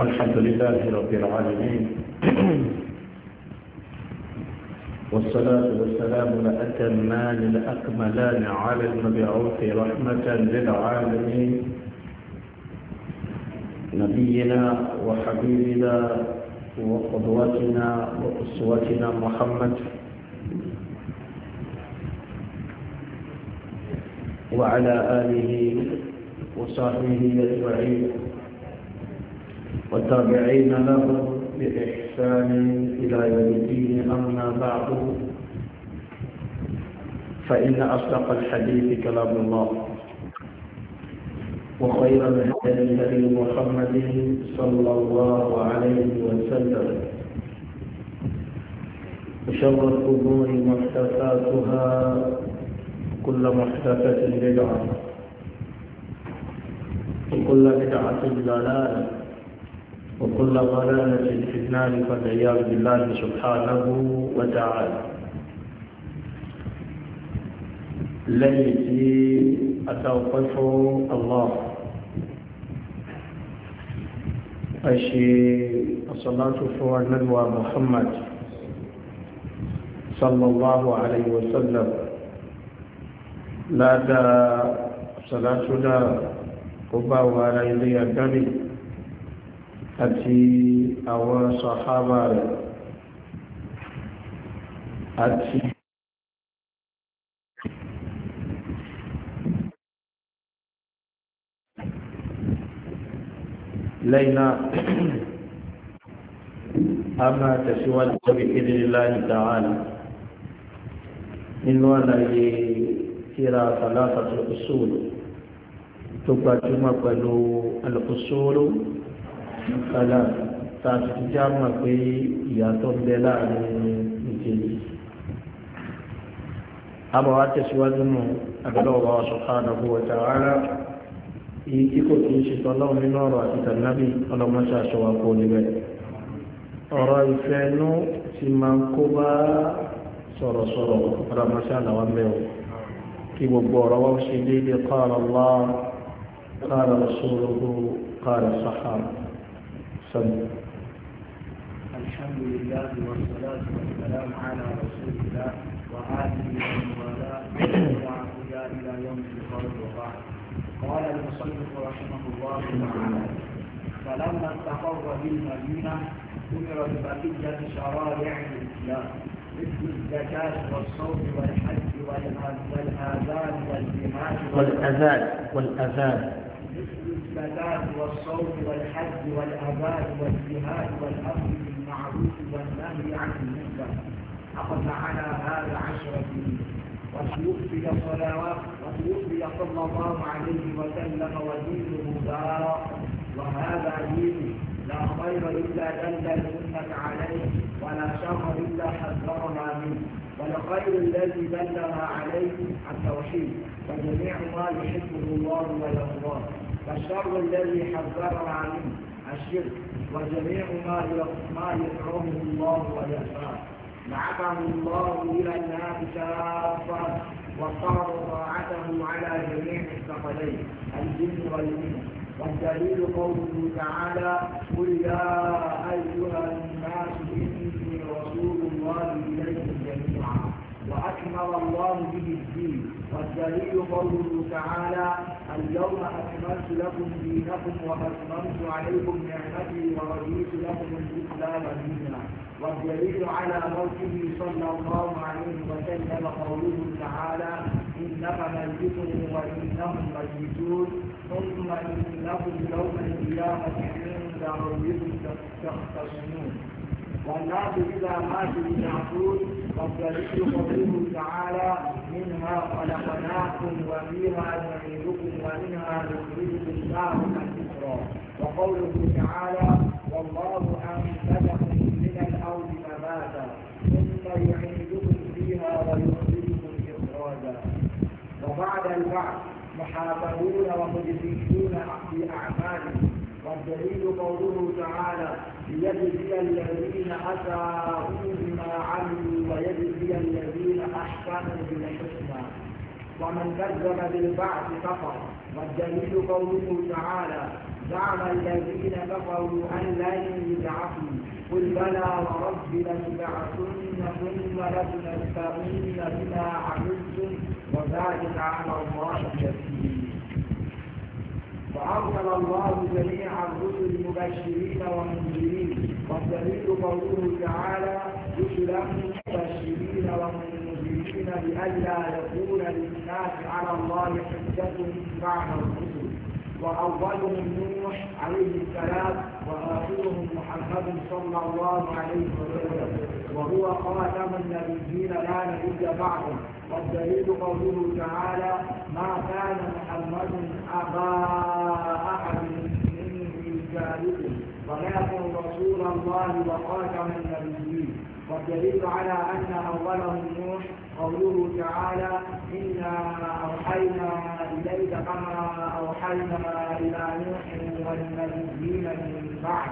الحمد لله رب العالمين والصلاة والسلام لأتمان الأكملان على المبعوث رحمة للعالمين نبينا وحبيبنا وقدوتنا وأسوتنا محمد وعلى آله وصحبه أجمعين وتابعين لهم بإحسان إلى يوم الدين أما بعد فإن أصدق الحديث كلام الله وخير الهدي لمحمد محمد صلى الله عليه وسلم وشر الأمور محدثاتها كل محدثة بدعة وكل بدعة ضلالة وكل ضلالة في الفتنان فالعياذ بالله سبحانه وتعالى التي أتوقف الله أشي الصلاة فوق النبوة محمد صلى الله عليه وسلم لا دا صلاة دا قبا ولا يدي àti àwọn sàhábà rẹ̀ àti lẹ́yìn náà a máa tẹ̀síwájú lórí ìdílélá ìdáhánà nínú àlàyé tíra sàlátà tó tó gbajúmọ̀ pẹ̀lú alùkúsùrù mọ́sálà tá a ti já mọ̀ pé ìyàtọ̀ ń bẹ láàrin ìkejì. àmọ́ wa tẹ̀síwájú nù àgbẹ̀dọ̀ ọba wa subhanahu wa ta'ala èyí tí kò kí ń ṣe tọ́lọ́run nínú ọ̀rọ̀ àti tànàbí ọlọ́mọṣẹ́ àṣọwà kò níbẹ̀. ọ̀rọ̀ ìfẹ́ inú ti máa ń kó bá sọ̀rọ̀sọ̀rọ̀ ọlọ́mọṣẹ́ àlàwà mẹ́wọ̀ kí gbogbo ọ̀rọ̀ wa ṣe déédéé qala Allah qala rasuluhu qala sahaba. الحمد لله والصلاة والسلام على رسول الله وآله والاه ودعا إلى يوم القول وبعد قال المصنف رحمه الله تعالى فلما استقر بالمدينة أمرت بقية شرائع الإسلام مثل الزكاة والصوم والحج والأذان والجهاد والأذان والأذان بالصلاة والصوم والحج والأذان والجهاد والأمر بالمعروف والنهي عن المنكر أخذ على هذا عشرة وسيقبل صلوات وسيقبل صلى الله عليه وسلم ودينه دار وهذا دين لا خير إلا دل الأمة عليه ولا شر إلا حذرنا منه ولخير الذي دلها عليه التوحيد وجميع ما يحبه الله ويرضاه فالشر الذي حذرنا عنه الشرك وجميع ما ما يكرمه الله ويشاء بعثه الله الى الناس كافه وصار طاعته على جميع الثقلين الجن والجن والدليل قوله تعالى قل يا ايها الناس اني رسول الله اليكم جميعا واكمل الله به الدين والدليل قوله تعالى اليوم أكملت لكم دينكم وأتممت عليكم نعمتي ورضيت لكم الإسلام دينا والدليل على موته صلى الله عليه وسلم قوله تعالى انما ميت وإنهم ميتون ثم إنكم يوم القيامة عند ربكم تختصمون والناس إذا ماتوا يعقول والدليل قوله تعالى منها خلقناكم وفيها نعيدكم ومنها نخرجكم تارة أخرى وقوله تعالى والله أنبتكم من الأرض نباتا ثم يعيدكم فيها ويخرجكم إخراجا وبعد البعث محاسبون ومجزيون في أعمالهم والدليل قوله تعالى ليجزي الذين أساءوا بما عملوا ويجزي الذين أحسنوا بالحسنى ومن كذب بالبعث كفر والدليل قوله تعالى زعم الذين كفروا أن لن يبعثوا قل بلى ورب لتبعثن ثم لتنبئن بما عملتم وذلك على الله كثير فأرسل الله جميع الرسل مبشرين ومنذرين والدليل قوله تعالى رسلا مبشرين ومنذرين لئلا يكون للناس على الله حجة بعد الرسل وأولهم نوح عليه السلام وآخرهم محمد صلى الله عليه وسلم وهو خاتم النبيين لا نبي بعده والدليل قوله تعالى ما كان محمد أبا أحد من رجالكم ولكن رسول الله وخاتم النبيين والدليل على أن أولهم نوح قوله تعالى إنا أوحينا إليك كما أوحينا إلى نوح والنبيين من بعد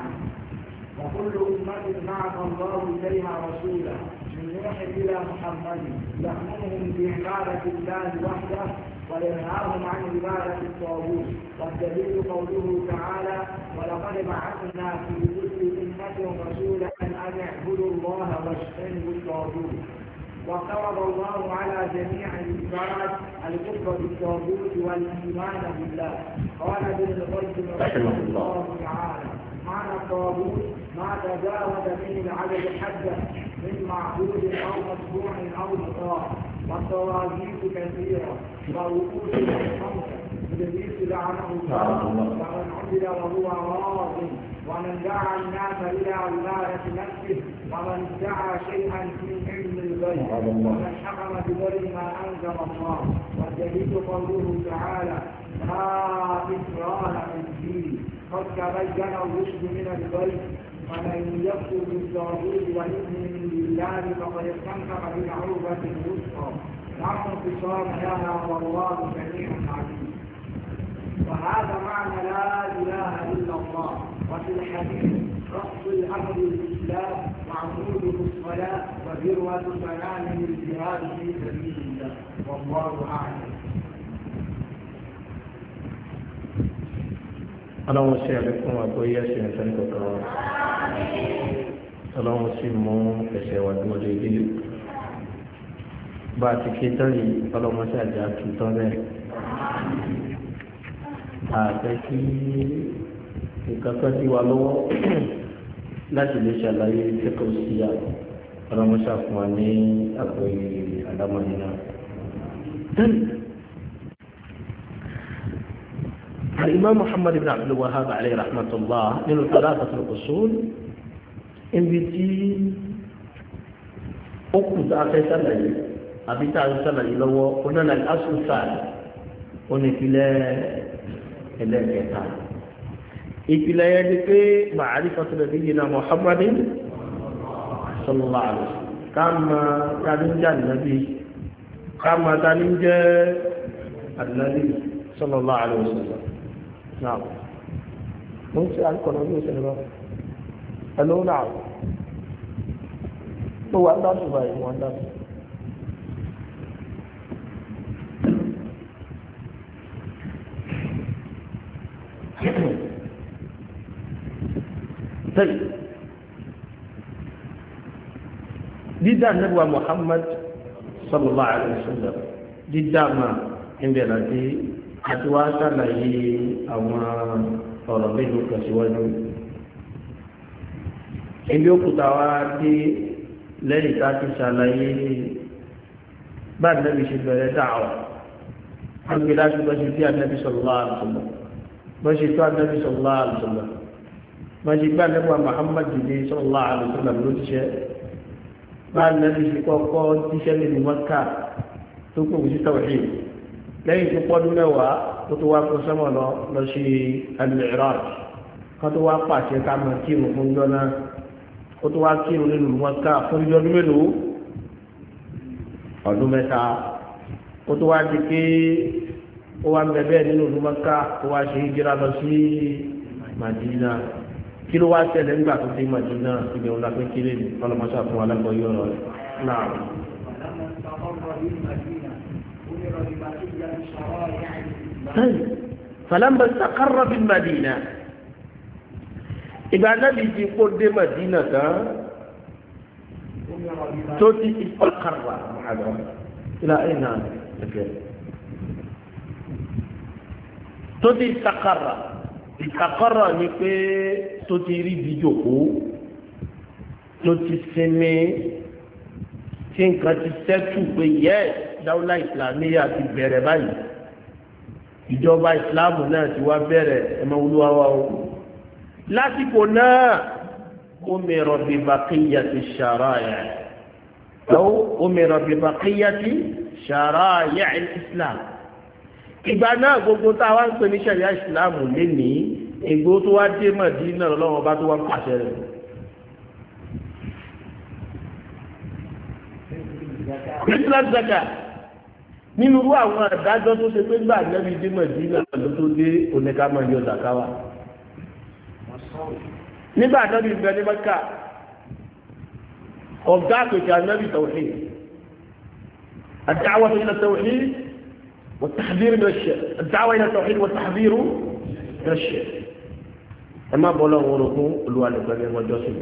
وكل أمة بعث الله إليها رسولا من نوح إلى محمد يأمرهم بعبادة الله وحده وينهاهم عن عبادة الطاغوت والدليل قوله تعالى ولقد بعثنا في كل أمة رسولا أن اعبدوا الله واجتنبوا الطاغوت وفرض الله على جميع الإنسان الكفر بالطاغوت والايمان بالله قال ابن القيم رحمه الله تعالى معنى الطاغوت ما تجاوز به العدد حده من معبود او متبوع او مطاع والطواغيت كثيره ووقوف خمسه ابليس لعنه الله فمن عبد وهو راض ومن دعا الناس الى عباده نفسه ومن دعا شيئا في علم الغيب ومن حكم بغير ما انزل الله والدليل قوله تعالى لا اكراه في الدين قد تبين الرشد من الغيب ومن يكفر والاذن من الله فقد استمتع بالعروبة الوسطى لا انتصار لها والله سميع عليم وهذا معنى لا اله الا الله وفي الحديث رأس الأمر الإسلام وعموده الصلاة وذروة منامه الجهاد في سبيل الله والله أعلم ọlọ́run ṣe àlékún àgbóyé ẹ̀sìn ẹ̀sẹ̀ nìkọ̀kan wa ọlọ́run sì mú ẹ̀sẹ̀ wà ní ọdún bá a ti ké tán yìí ọlọ́run sì àjà tún tán bẹ́ẹ̀ àgbẹ̀ kí nǹkan kan sí wa lọ́wọ́ láti lè ṣàlàyé fẹ́kọ̀ọ́ sí àwọn ọlọ́mọṣà fún wa ní àgbọ̀yé àlámọ́ni náà. الإمام محمد بن عبد الوهاب عليه رحمة الله من ثلاثة الأصول ibi tí ó kù tá a fẹ́ sàlàyé àbí tá a ń sàlàyé lọ́wọ́ onáàlá asùsàn onípìlẹ̀ ẹlẹ́kẹta ìpìlẹ̀ yẹn ni pé màálí fọ́sílẹ̀ bí yìí na Muhammadu sallallahu alaihi wasallam ká máa tani jẹ́ ànábì ká máa tani jẹ́ ànábì sallallahu alaihi wasallam náà mo ń ṣe àkọ́nà bí òṣèlú náà ẹ̀lú náà ó Thank you tẹ́lẹ̀ dídá nẹ́bùwà Muhammad sallallahu alaihi wasallam dídá ma ń bẹ̀rẹ̀ sí àti wá sàlàyé àwọn ọ̀rọ̀ mélòó kan síwájú ilé òkúta wá dé lẹ́yìn tá a ti sàlàyé bá nẹ́bí ṣe bẹ̀rẹ̀ dáhùn wọ́n gbé láti bọ́ sí bí ànẹ́bí sallallahu alaihi wasallam bọ́ sí tó sallallahu alaihi wasallam mọ̀lẹ́ gbà nípa Muhammad dìde sallallahu alaihi wasallam ló ṣiṣẹ́ bá nàbí ṣe kọ́kọ́ ṣiṣẹ́ nínú Mẹ́kà tó kò sí tawhid lẹ́yìn tó pọ́dún mẹ́wàá tó tó wá kó sọ́mọ̀ lọ lọ sí al-Mi'raj kan tó wá pàṣẹ ká mọ̀ kírun fún jọ náà ó tó wá kírun nínú Mẹ́kà fún jọ ọdún mélòó ọdún mẹ́ta ó tó wá di pé ó wá ń bẹ bẹ́ẹ̀ nínú ọdún Mẹ́kà ó wá ṣe hijira lọ sí Madina kí ló wá ṣẹlẹ̀ nígbà tó dé Mádínà ibi òun lápẹ́ kéré ní ọlọ́mọṣà fún alágbọ̀ yóò rọ rẹ̀ náà. فلما استقر بالمدينة ìgbà anábì ti kó dé Mádínà tán tó ti ìfọkàrà àgbà ilà ẹ̀yìn náà tó ti ìfọkàrà ìkàkọ́rọ̀ ni pé tó ti rí ibi jòkó tó ti sinmi tí nǹkan ti sẹ́tù pé yẹ dáwọ́lá ìsìlámíyà ti bẹ̀rẹ̀ báyìí ìjọba ìsìlámù náà ti wá bẹ̀rẹ̀ ẹ̀mọ olúwa wa o lásìkò náà omi rọ̀bì bàkíyà ti ṣàráyà ẹ̀wọ́ omi rọ̀bì bàkíyà ti ṣàráyà ìsìlámù ìgbà náà gbogbo tá a wá ń pè ní sẹ̀ríà ìsìláàmù lénìí ègbó tó wá dé Mádínà lọ́wọ́ ọba tó wá pàṣẹ rẹ̀. christmas zaka nínú irú àwọn àdájọ́ tó ṣe pé gbà nẹ́bí dé Mádínà ló tó dé oníkàmọ́ yọ zakawa nígbà nẹ́bí bẹ ní mẹ́kà ọ̀gá àpèkè ànẹ́bí tawhid àti àwọn tó yẹ tawhid. والتحذير من الشرك الدعوة إلى التوحيد والتحذير من الشرك ẹ má bọ́ lọ́wọ́ orogún olúwa nìkan ní ọjọ́ sí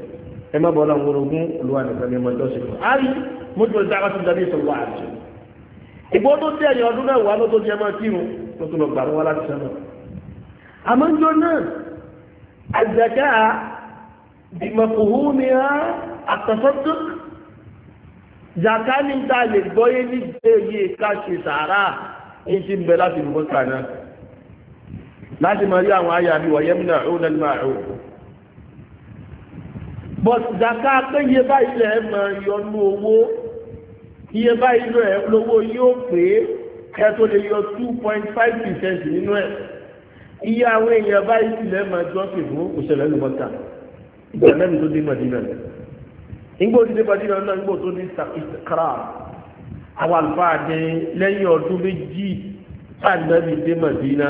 ẹ má bọ́ lọ́wọ́ orogún olúwa nìkan ní ọjọ́ sí àárí mójú ọjọ́ àwọn tó dàbí ìṣòwò àti ìgbọ́n tó tẹ̀ ẹ̀yìn ọdún náà wà ló tó jẹ́ máa kírun tó tó lọ gbà wọ́n láti sẹ́nu. àmọ́jọ́ náà àjàká ìmọ̀kùhù ni a àtọ̀sọ́tò jàká ní ta lè gbọ́yé ní ìgbé yìí ká ṣe sàárà ní ti ń bẹ láti ìlú kàná láti máa rí àwọn àyà mi wọ̀nyẹ́ mi náà ó lẹ́nu máa ó. bọ́t zaka pé iye báyìí lẹ̀ máa yọ nú owó iye báyìí lẹ̀ lówó yóò pé ẹ tó lè yọ two point five percent nínú ẹ̀ iye àwọn èèyàn báyìí sì lẹ̀ máa jọ́ pè fún òṣèlú ẹnu mọ́ta ìgbà mẹ́rin tó dé mọ̀dínà nígbà tó dé mọ̀dínà náà nígbà tó dé sàkíkàrà àwọn àlùfáà ní lẹ́yìn ọdún méjì fáànàbí dé mọ̀dínà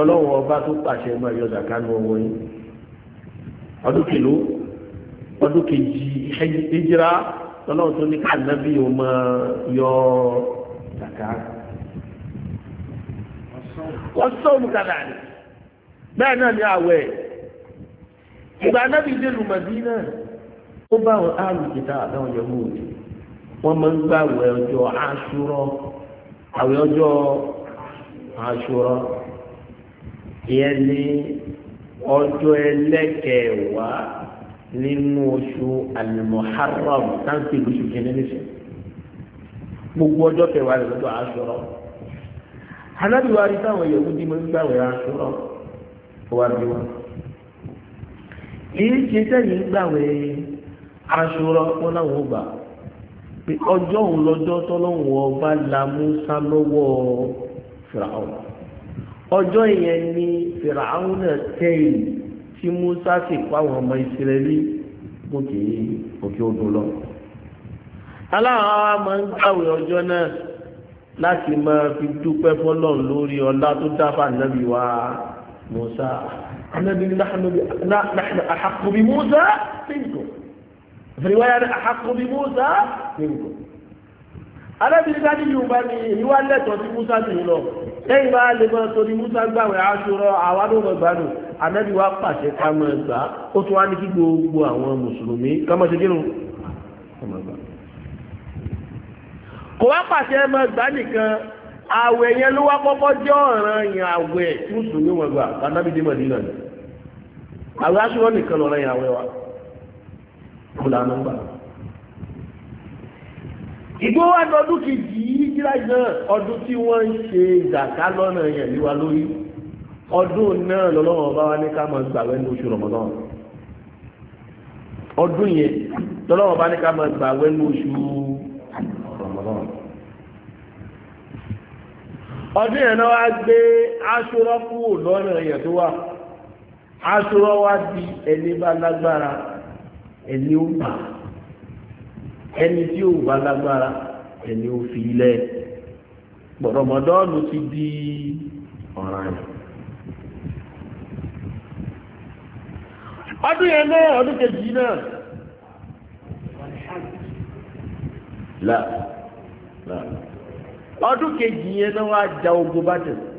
ọlọ́wọ́ ọba tó pàṣẹ ọmọ ẹ̀yọ zakanu ọwọ́ yìí ọdún kìlú ọdún kejì ìjìrá ọlọ́wọ́ tó ní káànàbí ọmọ yọ zakanu wọ́n sọ́ọ̀mù kàdà rẹ̀ bẹ́ẹ̀ náà ní àwẹ̀ ìgbà náà bí dé lùmọ̀dínà ó bá àwọn àrùn kìtà àtàwọn yẹ̀wò òde. wọ́n máa ń gbà àwẹ̀ ọjọ́ aṣúrọ́ àwẹ̀ ọjọ́ aṣúrọ́ ìyẹn ní ọjọ́ ẹlẹ́kẹ̀ẹ́wàá nínú oṣù alimuharram táǹkì lóṣù kìíní nìṣẹ́ gbogbo ọjọ́ kẹwàá rẹ̀ lọ́jọ́ aṣúrọ́ anábìwá rí táwọn yòókù máa ń àwẹ̀ aṣúrọ́ wá bí wọn kì í pé ọjọ́ òun lọ́jọ́ tọ́lọ́hùn ọba la Musa lọ́wọ́ fìràhùn ọjọ́ ìyẹn ni fìràhùn náà tẹ̀yìn tí Musa sì pa àwọn ọmọ Ísírẹ́lì gòkè òkè odò lọ. aláwọ̀ wa máa ń gbàwé ọjọ́ náà láti máa fi dúpẹ́ fọlọ́run lórí ọlá tó dáfà nábì wa Musa anábì náà náà àhàkùnrin Musa fíjọ. riwaya ni ahaku bi musa nínú alábìrin ká ní ni ìwà lẹ́tọ̀ọ́ ti musa nìyí lọ lẹ́yìn bá lè mọ́ musa gba aṣọrọ àwa awadu mọ̀ gbádùn wa pàṣẹ ká mọ̀ gbà ó tún wá ní kí gbogbo àwọn mùsùlùmí Kama mọ̀ ko wa kò wá pàṣẹ mọ̀ gbà nìkan àwẹ̀ yẹn ló wá kọ́kọ́ gba kó lànà gbà. ìgbó wa ní ọdún kejì yìí jíra náà ọdún tí wọ́n ń ṣe ìdàká lọ́nà yẹn lé wa lórí ọdún náà lọ́lọ́wọ́ bá wa ní ká máa gbàwẹ̀ ní oṣù Ramadan ọdún yẹn lọ́lọ́wọ́ bá ní ká máa gbàwẹ̀ ní oṣù Ramadan ọdún yẹn náà wá gbé aṣọ́rọ́ kúrò lọ́nà yẹn tó wà aṣọ́rọ́ wá di ẹni bá lágbára ẹni ó bà ẹni tí ó bá lágbára ẹni ó fi lẹ̀ pọ̀rọ̀mọdọ́ọ̀nù ti di ọ̀ràn yìí. ọdún yẹn náà ọdún kejì náà là ọdún kejì yẹn náà wá ja ogun bá tẹ̀sí.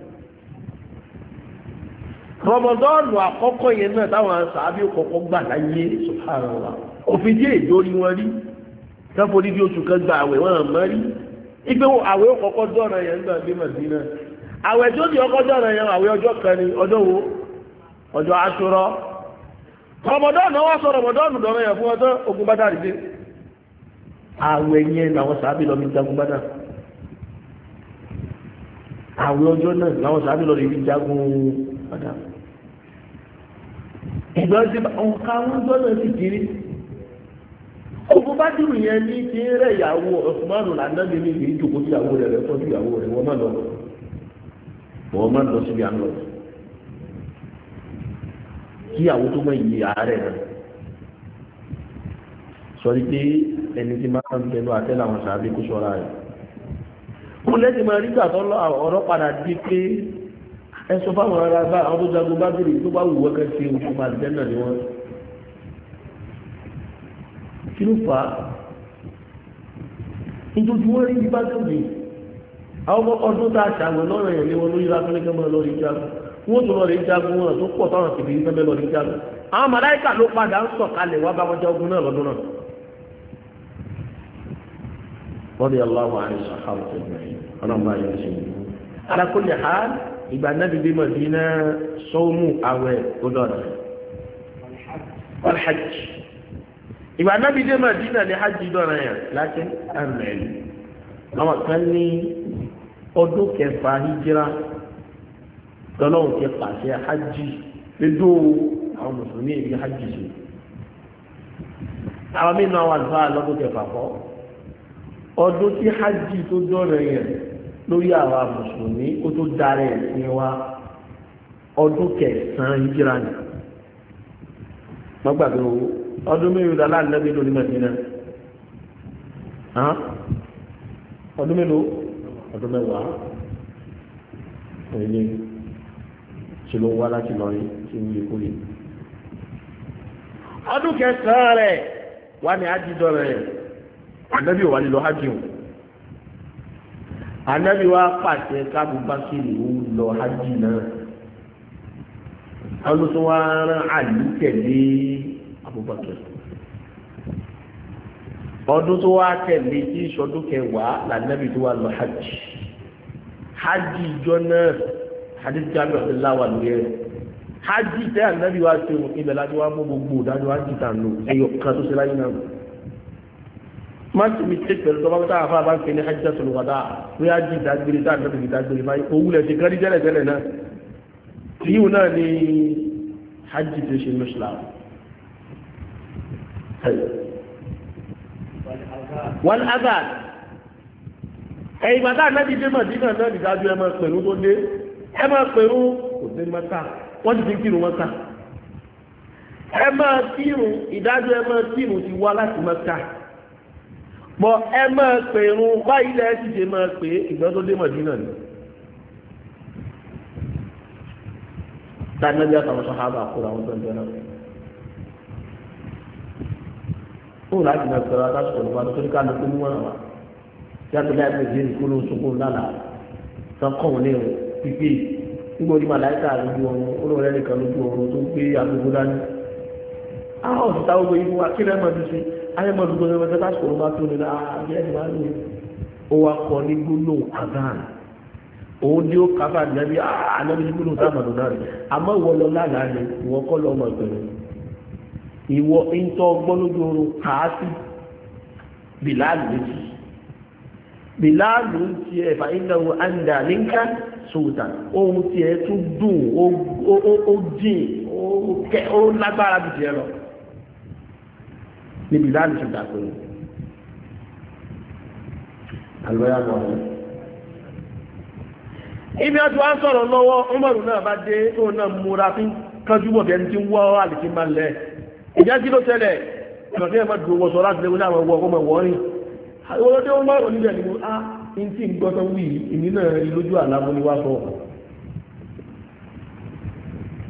rọmọdọ́ọ̀nù àkọ́kọ́ yẹn náà táwọn sàábí kọ̀ọ̀kọ́ gbà láyé subhanallah òfin díẹ̀ ìdórí wọn rí sáfòrí oṣù kan gba àwẹ̀ wọn mọ́ rí ipe àwẹ̀ yẹn àwẹ̀ tó ọkọ̀ yẹn àwẹ̀ ọjọ́ kan ni ọjọ́ wo ọjọ́ aṣọrọ rọmọdọ́ọ̀nù wọn sọ rọmọdọ́ọ̀nù ìgbọ́n ti ọ̀ka wọn gbọ́dọ̀ sì kiri òfin bá dùn yẹn ní ti rẹ̀ ìyàwó ọ̀sùnmọ́nù lànàbí mi kì í jòkó sí ìyàwó rẹ̀ lẹ́kọ́ sí ìyàwó rẹ̀ wọ́n má lọ wọ́n má lọ síbi àná kí ìyàwó tó mọ ìyè ààrẹ rẹ̀ sọrí pé ẹni tí máa ń tẹnu àtẹ làwọn sàbí kó sọra rẹ̀ kó lẹ́sìn máa rí gbà tọ́lọ́ ẹ sọ fáwọn ará bá àwọn tó jagun bá bèrè tó bá wù wọ́n kẹ́ ṣe oṣù màdìjẹ́ náà ni wọ́n kí ló fà á nítorí wọ́n rí ibi bá tó dé àwọn ọdún tá a ṣàwọn lọ́rọ̀ yẹn lé wọn lórí lápẹ́lẹ́kẹ́ mọ́ lọ́rí jagun wọ́n tó lọ́rí jagun wọn tó pọ̀ táwọn tìbí fẹ́ lọ́rí jagun àwọn màláìkà ló padà ń sọ̀kalẹ̀ wá bá jagun náà lọ́dún náà wọ́n ìgbà nábì bí Mádínà sọ́ọ́mù àwẹ̀ ọdọọdọ alhajj ìgbà nábì dé Mádínà ní hajj dọ̀rọ̀ yẹn láti àmẹ́lì àwọn kan ní ọdún kẹfà hijira tọ́lọ́hùn ti pàṣẹ hajj lédò àwọn mùsùlùmí èyí hajj ṣe àwọn mìíràn wà lọ́dún kẹfà kọ́ ọdún tí hajj tó dọ̀rọ̀ yẹn. lórí àwa mùsùlùmí ó tó darẹ̀ ẹ̀sìn wa ọdún kẹsàn-án yíra nì owó ọdún mélòó la láńlẹ́bí lórí mẹ́tìnà ọdún mélòó ọdún mẹ́wàá ẹ̀lẹ́ tí ló wá láti lọ rí tí ń yíkú yìí ọdún kẹsàn-án rẹ̀ wà ní rẹ̀ wà nílò anabi wa pàṣẹ kábùbákiri ó lọ hajj náà àwọn tó wá rán àlù tẹ̀lé abubakar ọdún tó wá tẹ̀lé tí ìṣọdún kẹwàá lànàbì tó wá lọ hajj hajj ìjọ náà hadith jami ọ̀sẹ̀lá wà lórí ẹ̀ hajj tẹ́ ànàbì wa ṣe òun ilẹ̀ láti wá mú gbogbo ìdájọ́ hajj tàn lò ẹ̀yọ̀ kan tó ṣe láyé náà má ti mi tẹ́ pẹ̀lú tọ́ba tá a fa bá ń pè ní hajjatul wada bí a jí dágbére tá a dọ́tò fi dágbére báyìí òwú lẹ̀ ti kárí tẹ́lẹ̀ tẹ́lẹ̀ náà tìyíwò náà ni hajj tó ṣe mùsùlùmí. wọ́n azad ẹ̀yìn bàtà anábì dé màdínà náà nìdájọ́ ẹ máa pẹ̀lú tó dé ẹ máa pẹ̀lú kò dé mọ́ta wọ́n ti fi kírun mọ́ta ẹ máa kírun ìdájọ́ ẹ máa kírun ti wá láti mọ́ta bọ ẹ máa pè irun báyìí lẹ́ẹ̀ sì ṣe máa pè ìgbà tó dé mọ̀dínà ni. tànàbí àtàwọn sọ̀hábà kúrò àwọn tọ́jú ẹ̀rọ. ó láti máa pẹ̀lú àtàkùn ìgbà tó ní kálukú ní wọ́n wà. yàtọ̀ láì pèsè ìkúrò sókò lálà tán kọ̀ wọ́n léèrè pípé nígbà orí màláìka lójú ọrùn olóòrẹ́ nìkan lójú ọrùn tó gbé agogo dání. àwọn ayẹ́mọ̀ dúgbò ní ọmọdé láti ọ̀rọ̀ bá tó ní ààrẹ ẹ̀dùn wáyé ó wá kọ ní gbólóhùn adán òun ni ó káfà nẹ́bí ànábi ní gbólóhùn tá àmàdùn náà rẹ̀ àmọ́ ìwọ lọ lánàá ni ìwọ kọ́ lọ ọmọ ìgbẹ̀rẹ̀ ìwọ ìtọ́ gbọ́lódó oorun kàásì bìláàlù méjì bìláàlù ń ti ẹ̀fà ìnáwó àǹdà níkà sóòtà ohun tiẹ̀ tún dùn ó jìn ó lágbára bìtì ẹ lọ níbi láti ṣe dàpọ̀ yìí àlọ́yà lọ rẹ̀. ibi àti wá ń sọ̀rọ̀ lọ́wọ́ ọmọrù náà bá dé tó náà múra fi kánjú bọ̀ bẹ́ẹ̀ tí wọ́ àlìkí máa lẹ̀ ìjẹ́ kí ló tẹ́lẹ̀ ìrọ̀kẹ́ ẹ̀mọ́ dùn wọ́sọ láti lẹ́wọ́ láwọn ọwọ́ ọmọ wọ́rin ìwọ́n tó ń mọ̀rọ̀ níbẹ̀ ni mo á ah, ń tí ń gbọ́tọ̀ wí ìnínà ìlójú àlámúniwá sọ̀rọ̀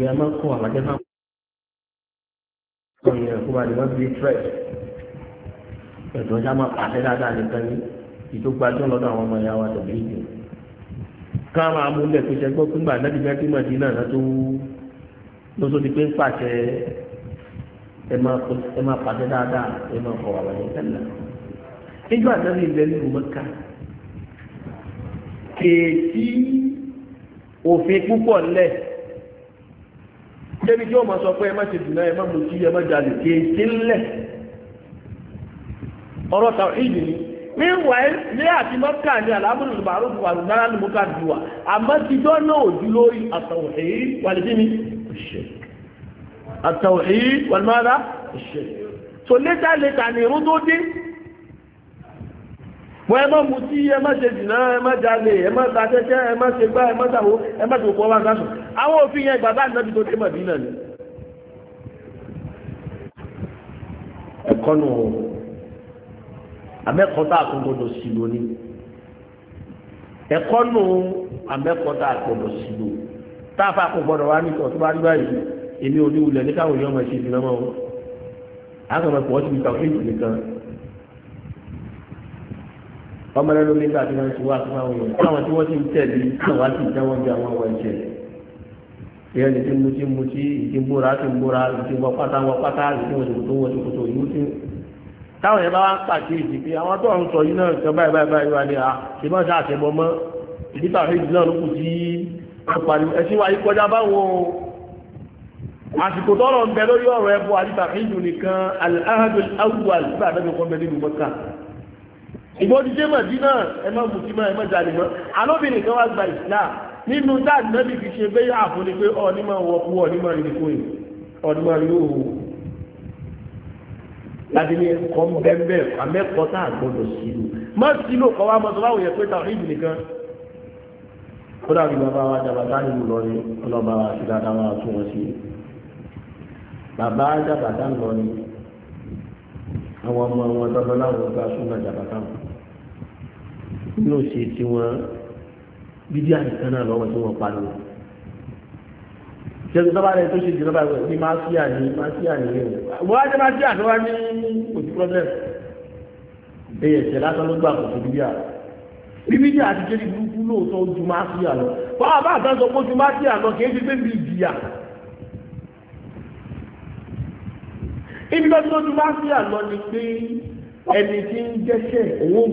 ìyá máa kó àlàjẹ́ náà kọ́ ìyẹn kó bá lè wọ́n bí trẹ́t ẹ̀dùn ọjà máa pàṣẹ dáadáa nìkan ní ìtò gbajúmọ̀ lọ́dọ̀ àwọn ọmọ ìyá wa tẹ̀lé ìjọ ká máa mú lẹ̀ pèsè gbọ́ fún gbàdá ti fẹ́ kí màdínà náà tó lóso ti pé ń pàṣẹ ẹ máa pàṣẹ dáadáa ẹ máa kọ̀ àlàjẹ́ tẹ́lẹ̀ nígbà náà ilẹ̀ ní ìrùmọ́ká kèétí òfin púpọ̀ lẹ̀ débi tí ó máa sọ pé ẹ má ṣe dùnà ẹ má mutí ẹ má jalè kéèké ńlẹ̀ ọ̀rọ̀ tàwọn ìdí ni meanwhile ilé àti mọ́kà ní aláàbùrù ìbàrú wà náà ní mọ́kà dùn wà àmọ́ ti jọ́ náà ò dúró àtàwọn èyí wà lè dín ní àtàwọn èyí wà ní mọ́ra ìṣe so later later ni irun tó dín bọ́ ẹ má mú tí ẹ má ṣe jìnà ẹ má jalè ẹ má ta tẹ́tẹ́ ẹ má ṣe gbá ẹ má tàwó ẹ má tó kọ́ wá sásùn àwọn òfin yẹn bàbá ànábi tó dé mọ̀dínà ni. ẹ̀kọ́ nù amẹ́kọ̀ọ́ta àkọ́gbọ́dọ̀ sí lónìí ẹ̀kọ́ nù amẹ́kọ̀ọ́ta àkọ́gbọ́dọ̀ sí lónìí táàfà àkọ́gbọ́dọ̀ wá nìkan tó bá rí báyìí èmi ò ní wulẹ̀ ní káwọn èèyàn máa ṣe jìnà mọ́ àwọn àgbàmọ̀pọ̀ ọ́ ọmọ ẹlẹ́nu nígbà tí wọ́n ti wá sí àwọn èèyàn táwọn tí wọ́n ti ń tẹ̀lé náà wá sí ìjáwọ́ bí àwọn ọ̀wọ́ ẹ̀jẹ̀ ìyẹn ní ti mú ti mú ti ìdí múra ti múra ìdí wọ pátá wọ pátá ìdí wọ tòkòtò wọ tòkòtò ìlú ti táwọn yẹn bá wá ń pàṣẹ ìdìbí àwọn tó ń sọ yìí náà sọ báyìí báyìí báyìí wà ní à ṣe máa ṣáà ṣẹbọ mọ ìdí tàwọn èdè náà ló kù sí kan ìgbọ́dídé mọ̀dínà ẹmọ́ mùsùlùmọ́ ẹmọ́ jàdìmọ́ alóbìnrin kan wá gba Islam nínú dáàdì náà fi ṣe bẹ́yà fún ni pé ọ̀nímọ̀ wọ̀kú ọ̀nímọ̀ ìrìnkóyìn ọ̀nímọ̀ yóò láti ní ẹ̀kọ́ bẹ́ẹ̀ amẹ́kọ́ tá a gbọ́dọ̀ sílò má sílò kọ́ wa mọ̀tò báwo yẹ pé tàwọn ìdìní kan ó dàbí bàbá wa jàbàtà nínú lọrin ọlọ́ba wa sí dáadáa wa tún wọn sí bàbá jàbàtà lọrin àwọn ọmọ wọn tọ́lọ́ láwọn gba súnmọ́ jàbàtà wọn nínú ṣe tí wọ́n bíbí àìsàn náà lọ́wọ́ tí wọ́n pariwo ṣẹ́gun tó bá rẹ̀ tó ṣe jù lọ́ba rẹ̀ ní máṣíà ní máṣíà ní rẹ̀ wọ́n á jẹ́ máṣíà tó wá ní òtí problem ẹ̀yẹ̀ ṣẹ̀ lásán ló gbà kò sí bíbí à bíbí ní àti jẹ́rí burúkú lóòótọ́ ju máṣíà lọ wọ́n á bá àtàn sọ pé ju máṣíà lọ kì í fi bébí ìjìyà ibi tó tó ju máṣíà lọ ni pé ẹni tí ń jẹ́ṣẹ̀ òun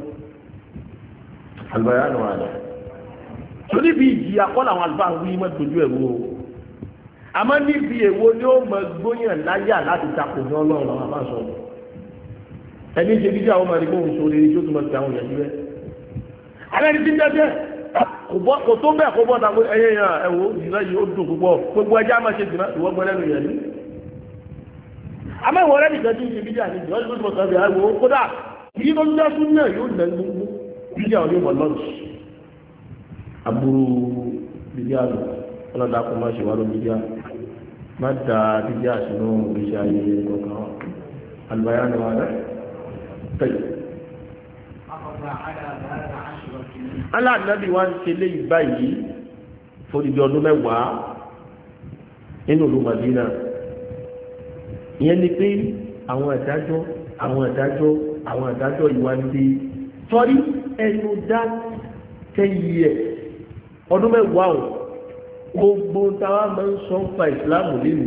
albayanu ala torí bí ìjìyà kọ́ làwọn àlùfáà wí mọ́ dojú ẹ̀ wo àmọ́ níbi èwo ni ó mọ gbóyàn láyà láti takò ní ọlọ́run làwọn àbá sọ ẹni ṣe bíbí àwọn ọmọ ẹni gbóhùn sórí ẹni tí ó tún mọ sí àwọn ìyàjú rẹ alẹ́ ní ti ń dẹ́jẹ́ kò tó bẹ́ẹ̀ kó bọ́ ta pé ẹyẹ yẹn ẹ̀wọ̀ ìdílé yìí ó dùn púpọ̀ gbogbo ẹjẹ́ á máa ṣe ìdílé ìwọ́ gbọ́dẹ́ lóye ẹ̀mí àmọ́ ìwọ rẹ̀ nìkan tí ń ṣe bíbí àti ìjọ́ ìgbésùn kọ́sẹ̀ àìwò kódà yìí ló ń dá sún náà yóò nà gbogbo bídíà ò ní mọ̀ lọ́ọ̀tì aburú bídíà lọ ọlọ́dà kò má ṣe wá ló bídíà má da bídíà sínú ìgbésí ayé kọ̀ọ̀kan àlùbáyá ni wàá dá tẹ̀lé. aláàdábì wá ń ṣe léyìí báyìí fòdìdì ọdún mẹ́wàá nínú ìlú Madina ìyẹn ni pé àwọn ìdájọ́ àwọn ìdájọ́ àwọn ìdájọ́ ìwádìí torí ẹnu dá tẹ́yẹ ọdún mẹ́wàá o gbogbo táwa máa ń sọ nípa ìsìláàmù lẹ́nu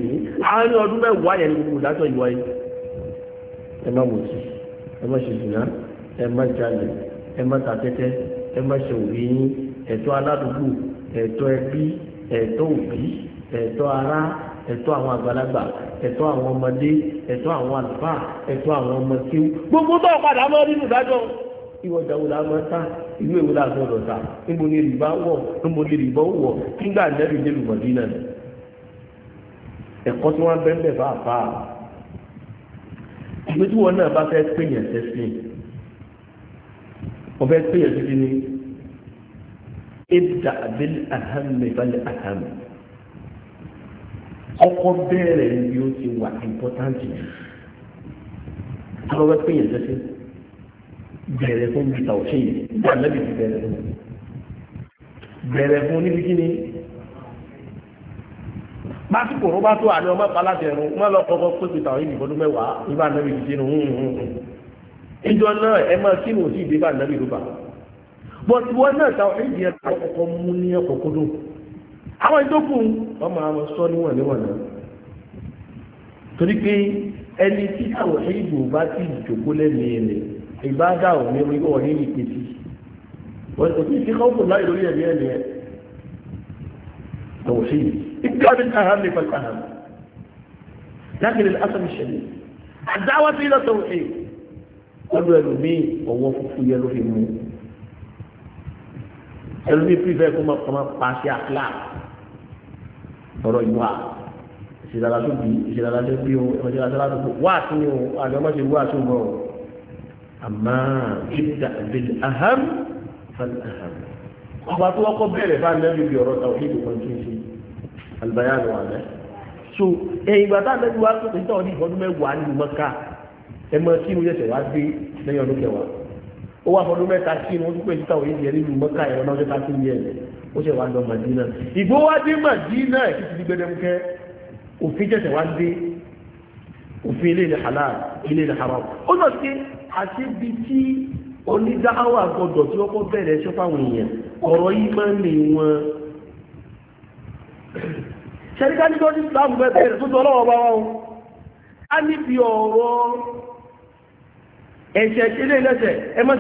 àárín ọdún mẹ́wàá yẹn ni gbogbo ìdájọ́ ìwà yìí ẹ má mọ̀tì ẹ má ṣe jìnnà ẹ má jalè ẹ má ta tẹ́tẹ́ ẹ má ṣe òbí yín ẹ̀tọ́ aládùúgbò ẹ̀tọ́ ẹbí ẹ̀tọ́ òbí ẹ̀tọ́ ará ẹ̀tọ́ àwọn àgbàlagbà ẹ̀tọ́ àwọn ọmọdé ẹ̀tọ́ àwọn àlùfáà ẹ̀tọ́ àwọn ọmọ kíw gbogbo tó padà mọ́ nínú ìdájọ́ ìwọ ìdáwó la máa ta ìlú èwo la gbọdọ̀ ta níbo ni rìbá wọ̀ níbo ni rìbá wọ̀ nígbà nẹ́rù dé lùmọ̀dí náà ẹ̀kọ́ tí wọ́n bẹ́ẹ̀ bẹ́ẹ̀ bá bá a ìgbé tí wọn náà bá fẹ́ pèèyàn sẹ́sìn wọ́n fẹ́ pèèyàn títí ní ibda abil ahami balẹ̀ ahami ọkọ bẹ̀rẹ̀ ni bí ó ti wà important jù àwọn fẹ́ pèèyàn sẹ́sìn bẹ̀rẹ̀ fún bí tàwọ̀ṣe yìí bí ànábì ti bẹ̀rẹ̀ fún bẹ̀rẹ̀ fún níbi kí ni pásítọ̀ ló bá tó àní ọmọ paláṣẹ ẹ̀rùn má lọ kọ́kọ́ pé pété àwọn ìdìbò ọdún mẹ́wàá ibà ànábì ti ṣe nù ìjọ náà ẹ máa kí ni òsì ìdè bá ànábì ló bá bọ́t wọn náà tàwọn ìdí ẹ̀ kọ́kọ́ mú ní ẹ̀kọ́ àwọn ìdókù ọmọ àwọn sọ níwọ̀n níwọ̀n náà torí pé ẹni tí tàwọn ìdìbò bá ti jòkó lẹ́nu ìbáàdà ò ní orí wọn ní ìpèsè wọn kò tí ì fi kọ́ńtò láì lórí ẹ̀mí ẹ̀mí ẹ̀ توحيد إنكار الأهم فالأهم لكن للأسف الشديد الدعوة إلى التوحيد قالوا يلومي ووفقوا يلومي ẹlòmíì pífẹ́ kó máa kọ́má paṣẹ àkílà ọ̀rọ̀ ìwà ìṣèdára tó bí ìṣèdára tó bí ohun ẹ̀mọ́ṣẹ́ láti sí ni ohun àmọ́ ìdá bil aham fal aham ọba tó wọ́kọ́ bẹ̀rẹ̀ bá nẹ́bí bí ọ̀rọ̀ tàwọn ìdò kan tún sí albayan wà lẹ́ so ẹ̀yìn bàtà nẹ́bí wá tó tẹ̀síta ọdún ìfọdún mẹ́wàá nínú mọ́ká ẹ mọ́ sínú yẹsẹ̀ wá gbé lẹ́yìn ọdún kẹwàá ó wà fọdún mẹ́ta sínú ó tún pè síta òye jẹ nínú mọ́ká ẹ̀rọ náà ṣe tásí ní ẹ̀rẹ̀ ó ó sọ àti ibi tí onídáhàwà gbọdọ̀ tí wọ́n kọ́ bẹ̀rẹ̀ ṣe fáwọn èèyàn ọ̀rọ̀ yìí máa ń lè wọn. ṣẹ́ríkà ní lọ́dún islam bẹ̀rẹ̀ tó tọ́lọ́ ọba wọn a níbi ọ̀rọ̀ ẹ̀ṣẹ̀ ṣeré lẹ́sẹ̀ mọ́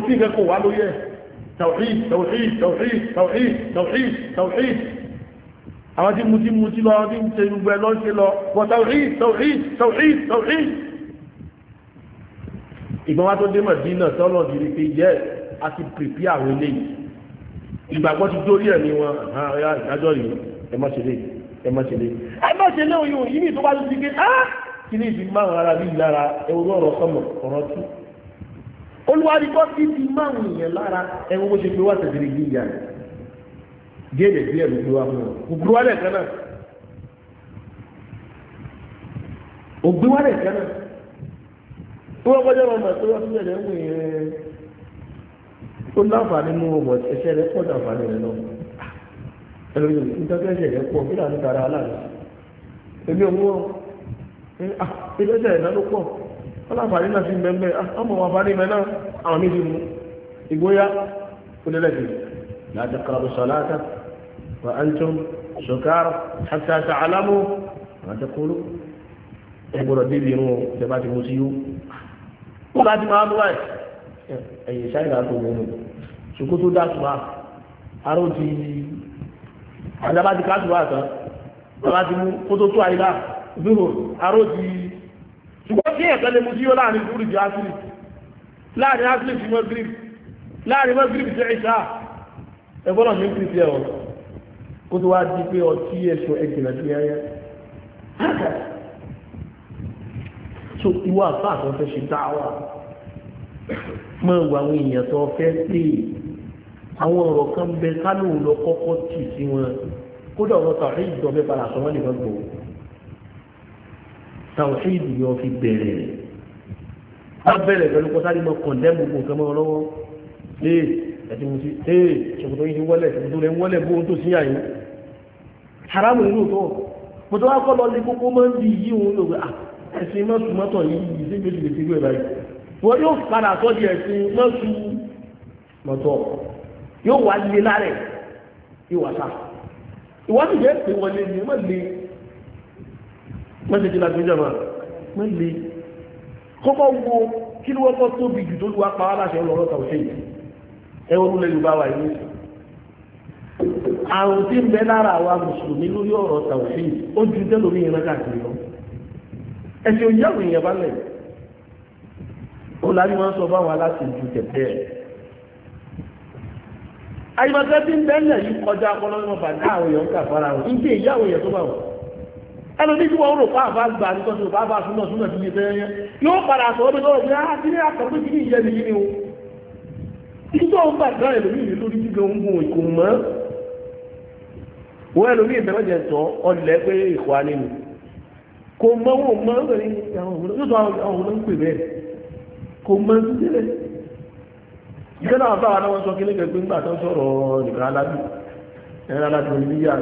mọ́ mọ́ tawhid tawhid tawhid tawhid tawhid tawhid àwọn tí mutí mutí lọ tí ń ṣe gbogbo ẹ̀ lọ ṣe lọ bọ̀ tawhid tawhid tawhid tawhid ìgbọ́n wá tó dé Mádínà tọ́lọ̀ ti rí pé yẹ a ti pèpè àwọn eléyìí ìgbàgbọ́ ti dórí ẹ̀ ní wọn ah, ìdájọ́ yìí ẹ má ṣe lé ẹ má ṣe lé ti gé ah kí ni ìdí máa ń rárá bí ìlara olùwárikọ́ ti ti máa ń yẹn lára ẹ̀wọ̀n bó ṣe pé wà tẹ̀sírí yìí yá rẹ̀ géèlè díẹ̀ ló gbé wá fún ọ ògbé wálẹ̀ kan náà ògbé wálẹ̀ kan náà tó wọ́n kọjá wọn mà tó wọ́n sílẹ̀ lẹ́wọ̀n yẹn ó láǹfààní mú ọmọ ẹsẹ̀ rẹ̀ pọ̀ láǹfààní rẹ̀ lọ ẹlòmíràn nítorí ẹsẹ̀ rẹ̀ pọ̀ kí làwọn tara aláàrẹ̀ èmi ò mú ọ ilé ẹsẹ̀ rẹ̀ náà ló pọ̀ aláfààní náà sí mẹ́mẹ́ ah, ọmọ wọn fàárí mẹ́ náà àwọn méjì mú ìgbóyá fúnilẹ́gbẹ̀ láti kọrọ̀bù sọ̀láta wà á ń tún ṣọ̀kárọ̀ àti àti àlámù àti kúrú ẹgbọ́dọ̀ débi irun ìjọba ti mú sí yú ó láti máa ń wáyé ẹ̀yìn ṣáìlá tó wọ́n ṣùkú tó dá tùwá aró ti àjábá ti ká tùwá tán bàbá ti mú kótó tó àyíká dúró aró ti ṣùgbọ́n kí ẹ̀kan lè mú sí yóò láàrin dúró di asiri láàrin asiri sí mọ́gírì láàrin mọ́gírì sí ìṣá ẹgbọ́nà mi kìí sí ẹ̀wọ̀n kó tó wá di pé ọtí ẹ̀ṣọ́ ẹ̀jìnà sí ẹ̀yẹ. so ìwọ àfáà tó fẹ́ ṣe dáwà mọ ìwà àwọn èèyàn tó fẹ́ pè àwọn ọ̀rọ̀ kan bẹ kálò lọ kọ́kọ́ tì sí wọn kódà ọ̀rọ̀ tàbí ìjọba ìbára sọ nìkan gbòó tàwùsíìdì yóò fi bẹ̀rẹ̀ rẹ̀ á bẹ̀rẹ̀ pẹ̀lú kọ́sáré mọ́ kọ̀ndẹ́mù gbogbo nǹkan mọ́ lọ́wọ́ ee ẹ̀sìn mo ti ee ṣòkòtò yìí ti wọ́lẹ̀ ṣòkòtò rẹ̀ ń wọ́lẹ̀ bó ohun tó sí àyè haramu inú tó mo tó wá kọ́ lọ sí kókó máa ń di yí òun lòwe ah, ẹ̀sìn mọ́sù mọ́tọ̀ yìí sí gbèsè gbèsè gbèsè báyìí wọ́n yóò padà sọ́ di ẹ̀sìn mọ́sù mọ́tọ̀ yóò wá lé lárẹ̀ yóò wá sá ìwádìí jẹ́ pé wọlé ni wọ́n lé mẹ́sẹ̀ kí láti jọmọ̀ mẹ́lẹ̀ kọ́kọ́ wo kí ló wọ́pọ̀ tóbi jù tó lù wá pàwọ́ láṣẹ ọlọ́rọ̀ tàwọn ṣe yìí ẹwọ́n lè lù bá wà yìí àrùn tí ń bẹ lára àwa mùsùlùmí lórí ọ̀rọ̀ tàwọn ṣe yìí ó ju tẹ́lómi yẹn káàkiri lọ ẹ̀sìn òyìnbó yẹn bá lẹ̀ ẹlòmí tí wọ́n rò fún àbá gbà ní tọ́jú bá bá súnmọ̀ súnmọ̀ sí ní ìfẹ́yẹn yóò padà sọ ọ́ bí lọ́rọ̀ bí á ti ní àtàwọn tó ti ní ìyẹn nìyí ni o títí tó ń bà dán ẹlòmí ìlú lórí gbígbé ń ìkò mọ́ wọ́n ẹlòmí ìfẹ́lẹ́jẹ̀ tọ́ ọlẹ̀ pé ìkọ́ alẹ́ nu kò mọ́ wọn mọ́ ìgbẹ́nà àbáwá náà wọ́n sọ kí ní kẹ́kẹ́ tó sọ̀rọ̀ nìkan alábì ẹ̀rọ alábì oníbíyà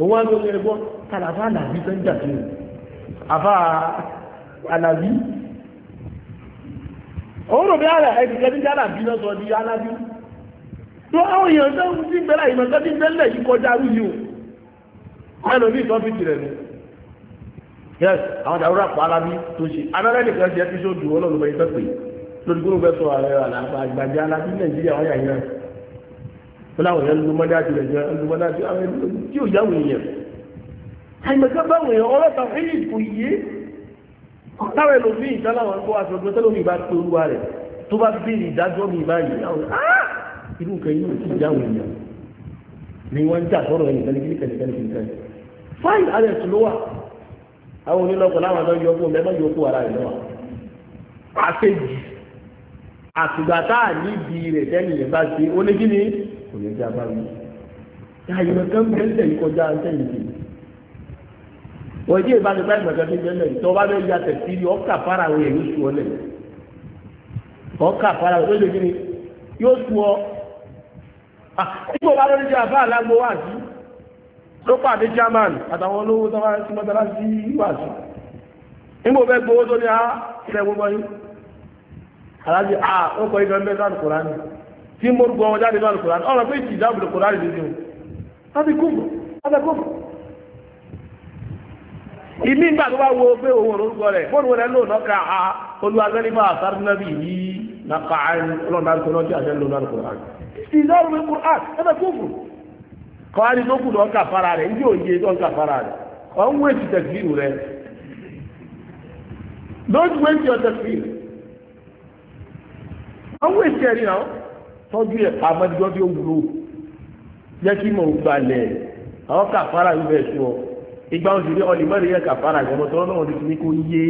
òun wá ń gbé tàlàfà àlàbí tó ń jàdé o àfà àlàbí òun rò bí ara ẹ̀dìkẹ́ ní àlàbí náà sọ di alábí tó àwọn èèyàn tó ń sí gbẹ́lá ìmọ̀tọ́ tí gbẹ́lẹ̀ yìí kọjá rú yìí o ẹnu bí ìtọ́ fi tìrẹ̀ nù yes àwọn ìdàrú rà pa alábí tó ṣe anára nìkan ti ẹpísòdù ọlọ́lùmọ̀ ìfẹ́ pè lórí gbọ́dọ̀ fẹ́ sọ ààrẹ àgbàjá alábí nàìjíríà wọ́n yà yẹn fúláwọ̀ yẹn lùmọ́dá ti rẹ̀ jẹ́ lùmọ́dá ti àìmọ̀ká báwọn èèyàn ọlọ́ta fílì kò yé táwọn ẹlòmí ìtàlá wọn kó aṣọ ọgbọ́n tẹ́lómi bá tó wà rẹ̀ tó bá bèèrè ìdájọ́ mi báyìí àwọn irú nǹkan yìí ti jáwọn èèyàn ni wọ́n ń jà sọ́rọ̀ ẹ̀yìn kẹ́lẹ́kẹ́lẹ́ kẹ́lẹ́kẹ́lẹ́ kẹ́lẹ́ fáìlì alẹ́ tó ló wà àwọn onílọ́pọ̀ láwọn ọ̀dọ́ yọ fún mẹ́fà yóò kó ara rẹ̀ lọ́wọ́ àṣejì àtùgbà tá à níbi rẹ̀ tẹ́nìyàn bá ṣe ó ní kí ni kò ní já bá mi. àyè wọ́n ti ìbáni bá ìgbàgbọ́ ti bẹ́ẹ̀ lẹ́yìn tó bá bẹ́ẹ̀ ya tẹ̀sí rí ọkà fara àwọn èèyàn yóò su ọ lẹ̀ ọkà fara àwọn èèyàn yóò yóò su ọ. nígbà wà lórí ìjà àbá àlágbó wà sí ló pàdé German àtàwọn olówó tó bá ń súnmọ́ tọ́lá sí wà sí. nígbà wọ́n fẹ́ gbowó tó ní àṣẹ gbogbo yín. aláàjì à ó kọ ibẹ̀ mẹ́ta alukurani tí mo gbọ́ wọn jáde ní alukurani ọ̀rọ̀ pé ìjì ìdáàbò alukurani lè dé o. ìmí ìgbà tó bá wo pé òun orúkọ rẹ̀ fóònù rẹ̀ lò lọ́kà ah, á olúwagẹ́lẹ́mọ̀ àtàrínàbì yìí nàkà àárín ọlọ́nà àrùkọ náà tí a jẹ́ lò náà kò rán. ìdọ́rùn mi kùn án ẹ̀fẹ̀ kófù kọ́wárí tó kù lọ́kà fara rẹ̀ ní òye fara wé ti wé ti wé ti ẹ̀rí náà tọ́jú ẹ̀ ó wúlò jẹ́ kí gbalẹ̀ àwọn yìí bẹ̀ ìgbà oṣù rí ọlìmọ́rin yẹ kàfàrà ìwọ̀n tó lọ́wọ́ ti ní kó yé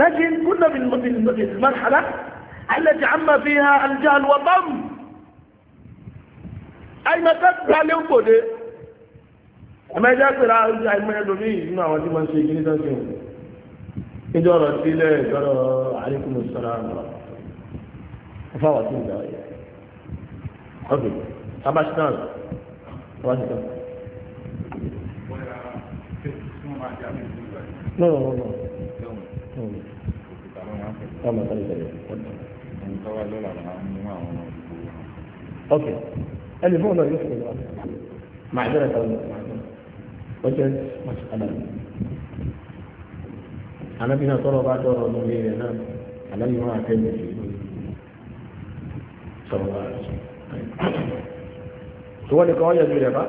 لكن كنا في المرحلة التي عم فيها الجهل والضم أي ما تبقى لهم كده أما إذا أقول أي ما يدوني إنه أول ما شيء كده تنسيه إذا رأيت له قال عليكم السلام فواتين ده أبي أبشتان فواتين No, no, no, no. Ọmọ ìtọ́lẹ̀ ìtọ́lẹ̀. Ok. Ẹni fún ọ̀nà yóò fún wa. Màá ìbẹ̀rẹ̀ kan lọ. Ó jẹ́ Màṣíkàdà. Ànábì náà tọrọ bá dọ̀rọ̀ ọdún ilé rẹ̀ náà. Ànábì máa fẹ́ mi sí. Sọ̀rọ̀ wa. Tí wọ́n ní kan wọ́n yẹ ju rẹ̀ bá.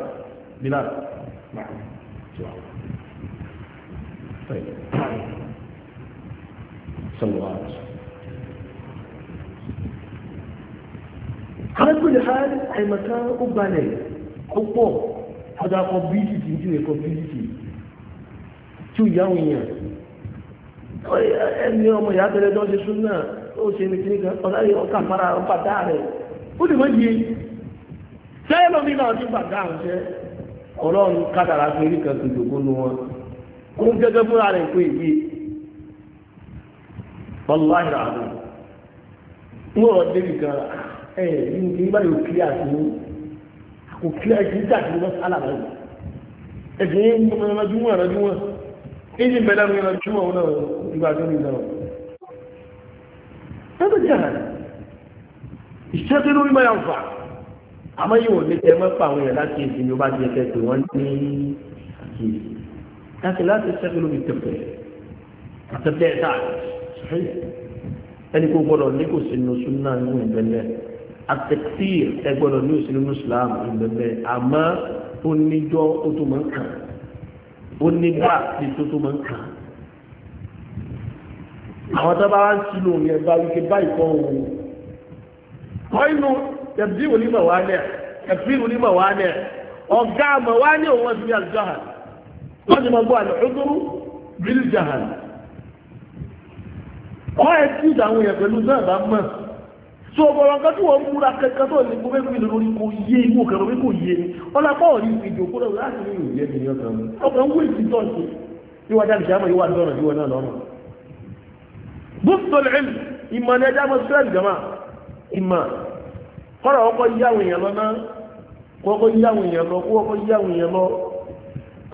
Bilal. Màá. طيب صلى الله عليه وسلم على كل حال أي مكان أبالي أبو هذا قبيلتي جو قبيلتي جو fara òun gẹ́gẹ́ fúnra rẹ̀ kó èyí wàláhì ràdù ń wọ̀rọ̀ débi kan ẹ̀ nígbà yóò kí àtúnú kò kí àtúnú dàbí wọn sálà rẹ̀ ẹ̀sìn yẹn ń bọ̀ ẹ̀rọ̀jú wọn ẹ̀rọ̀jú wọn èyí mẹ́lẹ́ mi ẹ̀rọ̀jú wọn náà ìgbà tó ní jẹ́ àná tó lórí fà àmọ́ لكن لا تشتغلوا بالتفريع التفريع تعب صحيح ẹni kò gbọ́dọ̀ ní kò sínú súnà ní ìbẹ̀lẹ̀ àtẹ̀kìtìr ẹ gbọ́dọ̀ ní òsínú muslim ìbẹ̀lẹ̀ àmọ́ ó níjọ́ ó tó máa ń kàn ó nígbà tí tó tó máa ń kàn. àwọn tó bá wá ń sinú òun yẹn bá wípé báyìí kọ́ òun kọ́ inú ẹ̀bí onímọ̀ wá lẹ̀ ẹ̀bí onímọ̀ wá lẹ̀ ọ̀gá àmọ̀ wá ní òun ọ̀sìn ní àlùjọ́ àná. wọ́n ma gbọ́ àlùfẹ́dúró bílí jahan wọ́n ẹ̀ tí ìdáhùn yẹn pẹ̀lú náà bá mọ̀ tí o bọ̀rọ̀ nǹkan wọ́n múra kẹ́kẹ́ ní gbogbo ẹgbẹ́ ìlú lórí kò yé inú kẹrọ pé kò yé ọlá rí lọ láti rí ìyẹ́ ní ọkàn ọkàn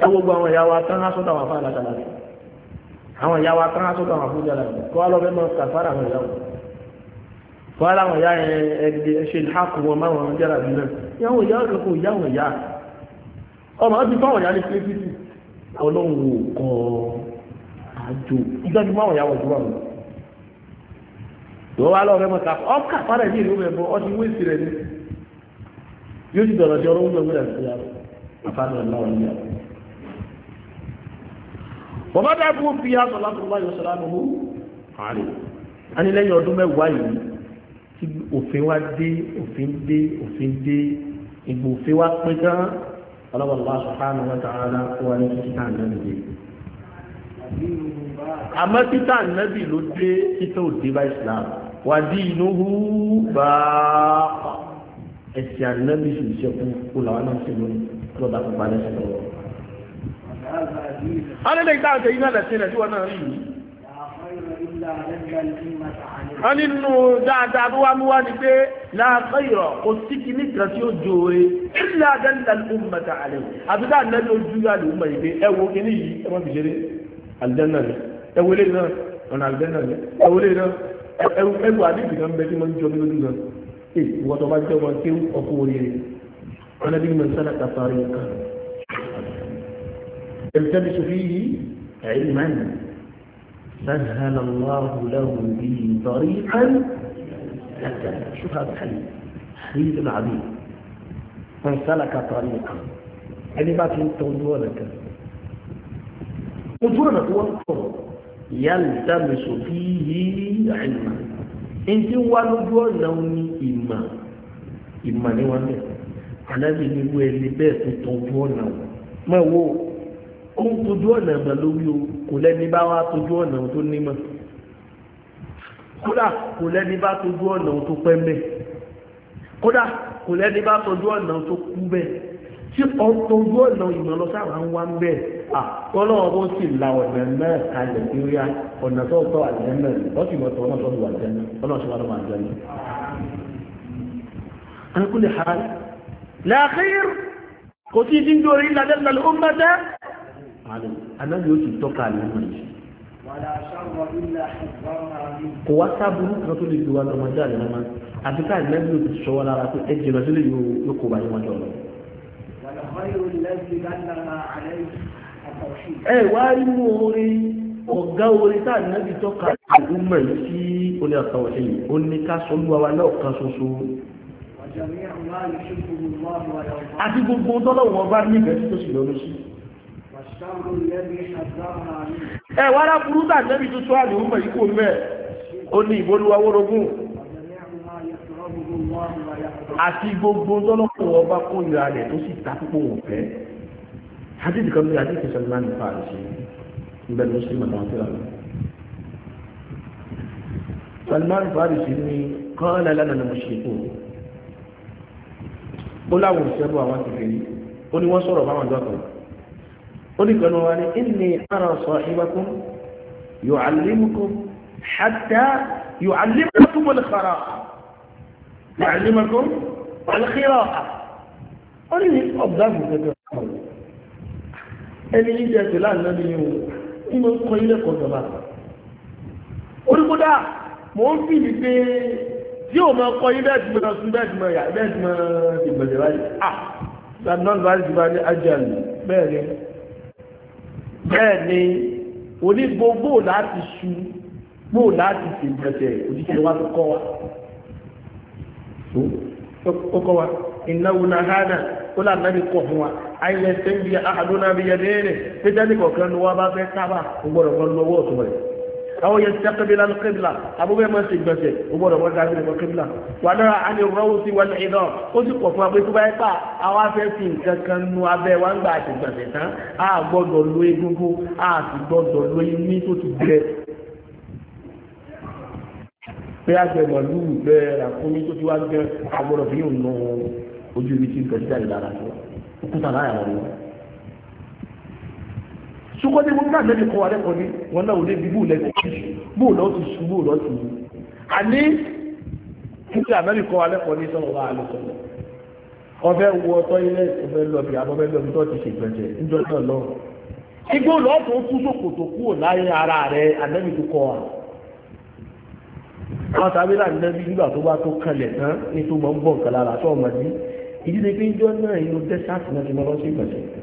ẹ gbogbo àwọn ìyá wa tán lásán táwọn afá àlàkàlà rẹ̀ àwọn ìyá wa tán lásán táwọn àbújá rẹ̀ kọ́ lọ́fẹ́ mọ́ kàfàrà àwọn ìyá wọn kọ́ láwọn ìyá ẹgbẹ́ ṣe ìhàkù wọn máwọn jẹ́ra bí náà ìyáwó ìyá ọ̀kẹ́kọ̀ọ́ ìyáwó ìyá ọmọ ọdún fáwọn ìyá ní kírísìtì ọlọ́run ò kọ́ àjò ìjọ́jú máwọn ìyá wọn jù wọn ni bọ̀bá dákú fi aṣọ látọ̀lá yọ sọ́lámù mú àárẹ̀ a ní lẹ́yìn ọdún mẹ́wàá yìí tí òfin wá dé òfin dé òfin dé ìgbò òfin wá pín tán ọlọ́wọ́lọ́wọ́ sọ̀hánù wọn tààrà wà ní títà nẹ́bì àmọ́ títà nẹ́bì ló dé títà òdé bá Islam wà dí inú hú bá ẹ̀sìn ànẹ́bì sì ṣẹ́kù kó làwọn náà ṣe lónìí lọ́dà pípa lẹ́sìn lọ́wọ́ alẹ́lẹ́ ìdáàtẹ̀ iná lẹ̀sìn rẹ̀ síwọ́n náà rí yìí a nínú dáadáa tó wá mú wá ní pé láàpẹ́yọ̀ kò sí kí ní kan tí ó jòòrè ilẹ̀ adẹ́lẹ̀ alùmọ̀ta alẹ́ àbíká àlẹ́lẹ́ ojú alùmọ̀ ìgbé ẹwọ kí ní yìí ẹwọ́ fi ṣeré aljanna ni ẹwọlé náà ọ̀nà aljanna ni ẹwọlé náà ẹwọ àdébì kan bẹ tí wọ́n ń jọ lójú náà ìwọ́tọ̀ bá jẹ́ wọn tí ọkọ̀ orí rẹ̀ ọ̀nà bí mọ̀ sálà kàtàrí kan يلتمس فيه علما سهل الله له به طريقا شوف هذا الحديث حديث عظيم من سلك طريقا يعني ما في توجه لك وجوه هو يلتمس فيه علما انت ولجوه لوني إما إما نوانه أنا بني ويلي بيت توجه ما هو ó ń tójú ọ̀nà ìmọ̀ lórí o kò lẹ́ni bá wá tójú ọ̀nà tó nímọ̀ kódà kò lẹ́ni bá tójú ọ̀nà tó pẹ́ mẹ́ kódà kò lẹ́ni bá tójú ọ̀nà tó kú mẹ́ tí ó ń tójú ọ̀nà ìmọ̀ lọ sáà ń wá ń bẹ̀ àkọ́lọ́ ọmọ sì la ọ̀nà náà kalẹ̀ lórí ọ̀nà tó tọ́ àjẹ́ náà lọ́sì mọ̀ tọ́ ọ̀nà tó wà jẹ́ náà ọlọ́run ṣe wà lọ́wọ́ àjẹ́ náà. àkúlẹ̀ ha láàkíyìr anábì ó ti tọ́ka àlùmọ̀ yìí. kò wá sábúrú kan tó lè fi wá lọ́mọdé àlùmọ́ àti ká ànábì ó ti sọ wá lára pé ẹ jìnnà tó lè yóò kó báyìí wájú ọ̀rọ̀. ẹ wá inú orin ọ̀gá orin tá ànábì tọ́ka àlùmọ̀ yìí sí olè àtàwọn ẹ̀yìn ó ní ká sọ lúwa wa náà kan ṣoṣo àti gbogbo tọ́lọ́wọ́ bá nífẹ̀ẹ́ tó sì lọ́nu sí ẹ wá rá burú tà nẹ́bí tó tó àlè ọmọ ikú mẹ́ ó ní ìbolúwawórogún àti gbogbo tọ́lọ́pọ̀ ọba kó ìra rẹ̀ tó sì ta púpọ̀ wọ̀n fẹ́ hadith kan bí hadith sọ máa ń fa àṣẹ ìbẹ̀ ló sì màmá tó lànà Salman Farisi ni kọ́ńlá lánàá ni mo ṣe kó ó láwọn ìṣẹ́bù àwọn ti fèrè ó ní wọ́n sọ̀rọ̀ báwọn dọ́kọ̀ọ́ oníkanú wa ní inni ara sahibakum yu'allimukum hatta yu'allimakum al-khira'a yu'allimakum al-khira'a ó ní ọ̀gá àgùntàn ẹni yìí jẹ́ pẹ̀lú àná ni yóò ń mọ kọ́ ilé kan jọba oríkódà mò ń fi wípé tí o máa bá ní bẹ́ẹ̀ ni onígbogbo láti ṣu gbò láti fi bẹ̀tẹ̀ òjíṣẹ́ wa tó kọ́ wa ó kọ́ wa ìnáwó náà hánà ó là náà ní kọ̀ fún wa àìlẹ̀sẹ̀ ń bi àdónábíyẹ lẹ́rẹ̀ pé jẹ́ nìkọ̀ọ̀kan ló wá bá fẹ́ sábà ó gbọ́dọ̀ kan lọ́wọ́ ọ̀tún rẹ̀ أو يستقبل القبلة أبو بما سيبسي أبو رب العالمين القبلة ونرى عن الروس والعظام قلت وفاقي تبايقا أو أفسين ككنوا أبي وانبع سيبسي أبو دولوي جنكو أبو دولوي ميتو تبري pé àgbẹ̀mọ̀ lù bẹ́ẹ̀ làkúnmí tó ti wá gbẹ́ agbọ́dọ̀ fi yóò nà ojú ibi tí nǹkan ti jáde lára tó kúta láyà wọn ṣùgbọ́n ní mo náà lẹ́nu kọ́ wa lẹ́kọ̀ọ́ ni wọn náà ò lé bí bóòlù ẹ̀kọ́ bóòlù ọ̀tù sùn bóòlù ọ̀tù yìí àní nígbà mẹ́rin kọ́ wa lẹ́kọ̀ọ́ ní sọ̀rọ̀ wa lọ́sọ̀ ọbẹ̀ wọ tọ́ilẹ̀ ọbẹ̀ lọ́bi àbọ̀bẹ̀ lọ́bi tó ti ṣègbẹ̀jẹ̀ níjọ́ náà lọ. igbó lọ́ọ̀tún kú sókòtò kúrò láyé ara rẹ̀ ànẹ́bí tó kọ́ wa. àwọn tàbí láti lẹ́bí nígbà tó bá tó kalẹ̀ tán ní tó ń bọ̀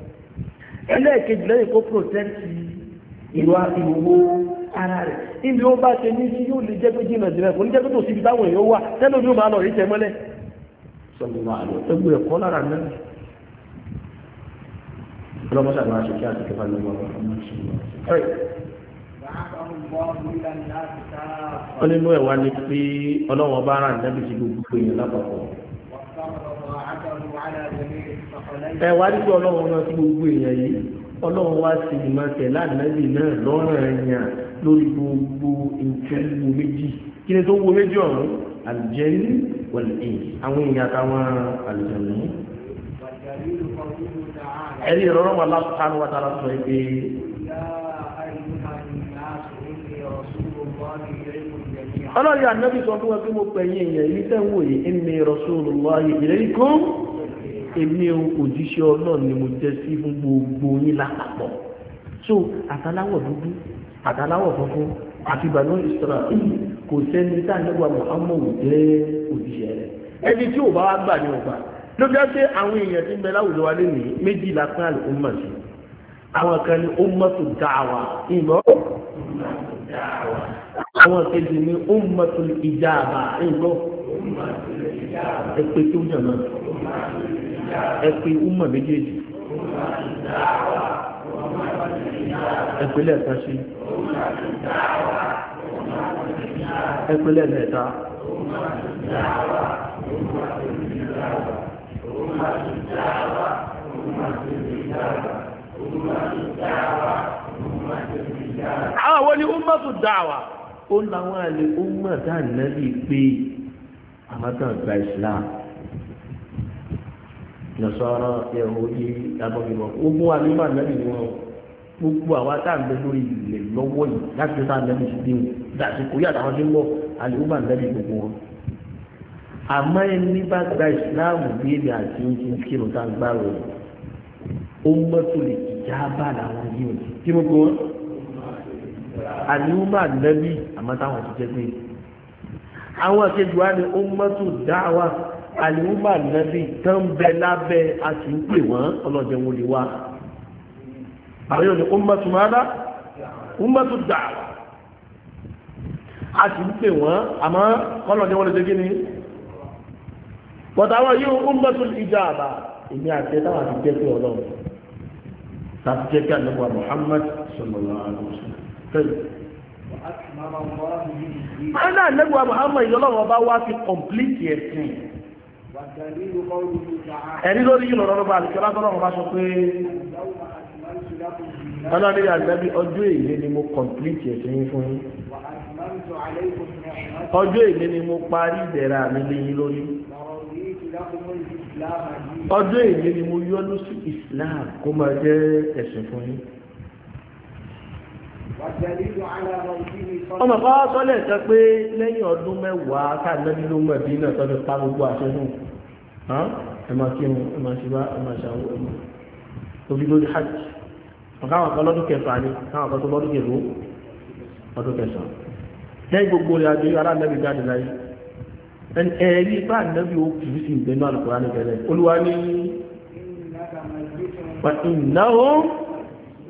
ẹlẹ́ẹ̀kejì lẹ́yìn kó protẹ́tì ìwà ìwòwò ara rẹ̀ ibi ó bá ṣe ní sí yóò lè jẹ́ pé jìnnà jìnnà kò ní jẹ́ pé tó síbi táwọn èèyàn wà tẹ́lẹ̀ omi ó máa lọ rí tẹ mọ́lẹ̀ sọ̀rọ̀ àlọ́ ẹgbẹ́ ẹ̀kọ́ lára náà ọlọ́mọ sábà máa kí àti kẹfà lọ́wọ́ ọ nínú ẹ̀ wá ní pé ọlọ́wọ́ bá ara nẹ́bí sí gbogbo èèyàn lápapọ̀ ẹ wá nígbà ọlọ́run náà sí gbogbo èèyàn yìí ọlọ́run wá sí ìmọ̀tẹ̀ láàdínlẹ́bì náà lọ́rùn ẹ̀yàn lórí gbogbo ìtẹ́wò méjì kí ni tó wo méjì ọ̀run àlùjẹ́rí wọ̀lẹ̀ àwọn èèyàn àtàwọn àlùjẹ̀mí. ẹ̀rí ìrọ̀rọ̀ wà láàrín wa tààrà sọ pé. ọlọ́run ànábì sọ fún wa pé mo pẹ̀yìn èèyàn yìí tẹ́wọ̀ ń mi èmi òjíṣẹ́ ọlọ́run ni mo jẹ́ sí fún gbogbo yín lápapọ̀ so àtàláwọ̀ dúdú àtàláwọ̀ funfun àti ìbànú ìṣọ́ra kò sẹ́ni tá a nígbà Muhammadu jẹ́ òjíṣẹ́ rẹ̀ ẹni tí ò bá wá gbà ní ọgbà ló bí wá ṣe àwọn èèyàn tí ń bẹ láwùjọ wa lénìí méjì lápá àlùkùn mọ̀ sí àwọn kan ní ummatu da'wa ìmọ̀ àwọn kejì ní ummatu ijaba ìgbọ́ ẹ̀pẹ́ tó yàn náà. ẹ pé umma méjèèjì ẹ pé àwọn ni umma tó dáwà ó làwọn àlè pé gba Islam. nàṣọ́ra yahudi abọ́gibọ́ gbogbo wa ní màá nàbì wọn gbogbo àwa tá à ń bẹ lórí ilẹ̀ lọ́wọ́ yìí láti tá à ń nàbì sí bí wọn dàtí kò yí àtàwọn tí ń bọ̀ àlè ó màá nàbì gbogbo wọn. àmọ́ ẹni bá gba ìsìláàmù bí èmi àti ń tún kírun tá a gbá rẹ̀ ó mọ́tò lè já bá làwọn yìí wọn kí mo gbọ́ àlè ó màá nàbì àmọ́ táwọn ti jẹ́ pé àwọn àkejì wa ni ó mọ́tò dá àlùmọ́ nàbí tán bẹ lábẹ́ a sì ń pè wọ́n ọlọ́dẹ wọn lè wá àwọn yóò ní ummatu mada ummatu da'wa a sì ń pè wọ́n àmọ́ ọlọ́dẹ wọn lè ṣe kí ni bọ̀tà wọn yóò ummatu èmi àti ẹ̀ta wà ti jẹ́ pé ọlọ́run láti jẹ́ pé àdébọ̀ Muhammad sallallahu alaihi Ana àdébọ̀ Muhammad yọlọ́run ọba wá fi kọ̀m̀plìtì ẹ̀sìn ẹ̀rí lórí yìí lọ́rọ́ bá àlùkò látọ́rọ̀ wọn bá sọ pé ọlọ́dẹ àgbẹ̀bí ọjọ́ èlé ni mo kọ̀m̀plìtì ẹ̀sìn yín fún yín ọjọ́ èlé ni mo parí ìdẹ̀ra mi lé yín lórí ọjọ́ èlé ni mo yọ́nú sí Islam kó máa jẹ́ ẹ̀sìn fún yín ọmọ kan sọ́lẹ̀ sọ pé lẹ́yìn ọdún mẹ́wàá káàdínlẹ́bí ló mọ̀ bí náà sọ́dọ̀ pa gbogbo àṣẹ náà ẹ̀mà kírun ẹ̀mà ṣíwá ẹ̀mà ṣàwọ́ ẹ̀mà tóbi lórí hajj ọ̀gáwọn kan lọ́dún kẹfà ni káwọn kan tó lọ́dún kẹfà ọdún kẹsàn-án lẹ́yìn gbogbo rẹ̀ adé ará nẹ́bí jáde láyé ẹ̀rí bá nẹ́bí ó kìí sí ìgbẹ́nú àlùkòrá ní olúwa ní ìnáwó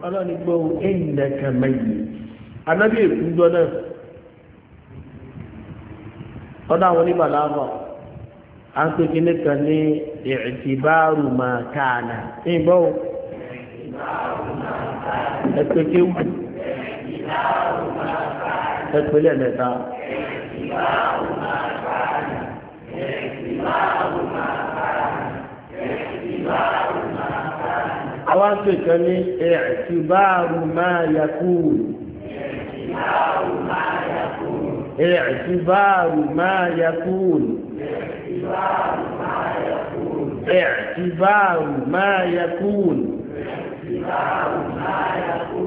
ọlọ́nigbó ìnẹ̀kẹ̀mẹ̀yì anábì èkújọ náà ọdún àwọn onímọ̀ láàbọ̀ a ń pè kíní kan ní ìtìbáàrù máa káànà ní ìbọ̀ o ẹ pé kí wù ẹ pé lẹ́ẹ̀mẹ́ta. Àwọn aṣọ ìkan ní ẹ̀ẹ̀tìbáàrù máa yakúù. ẹ̀ẹ̀tìbáàrù máa yakúù ẹ̀tìbáàrù máa yẹ kúùn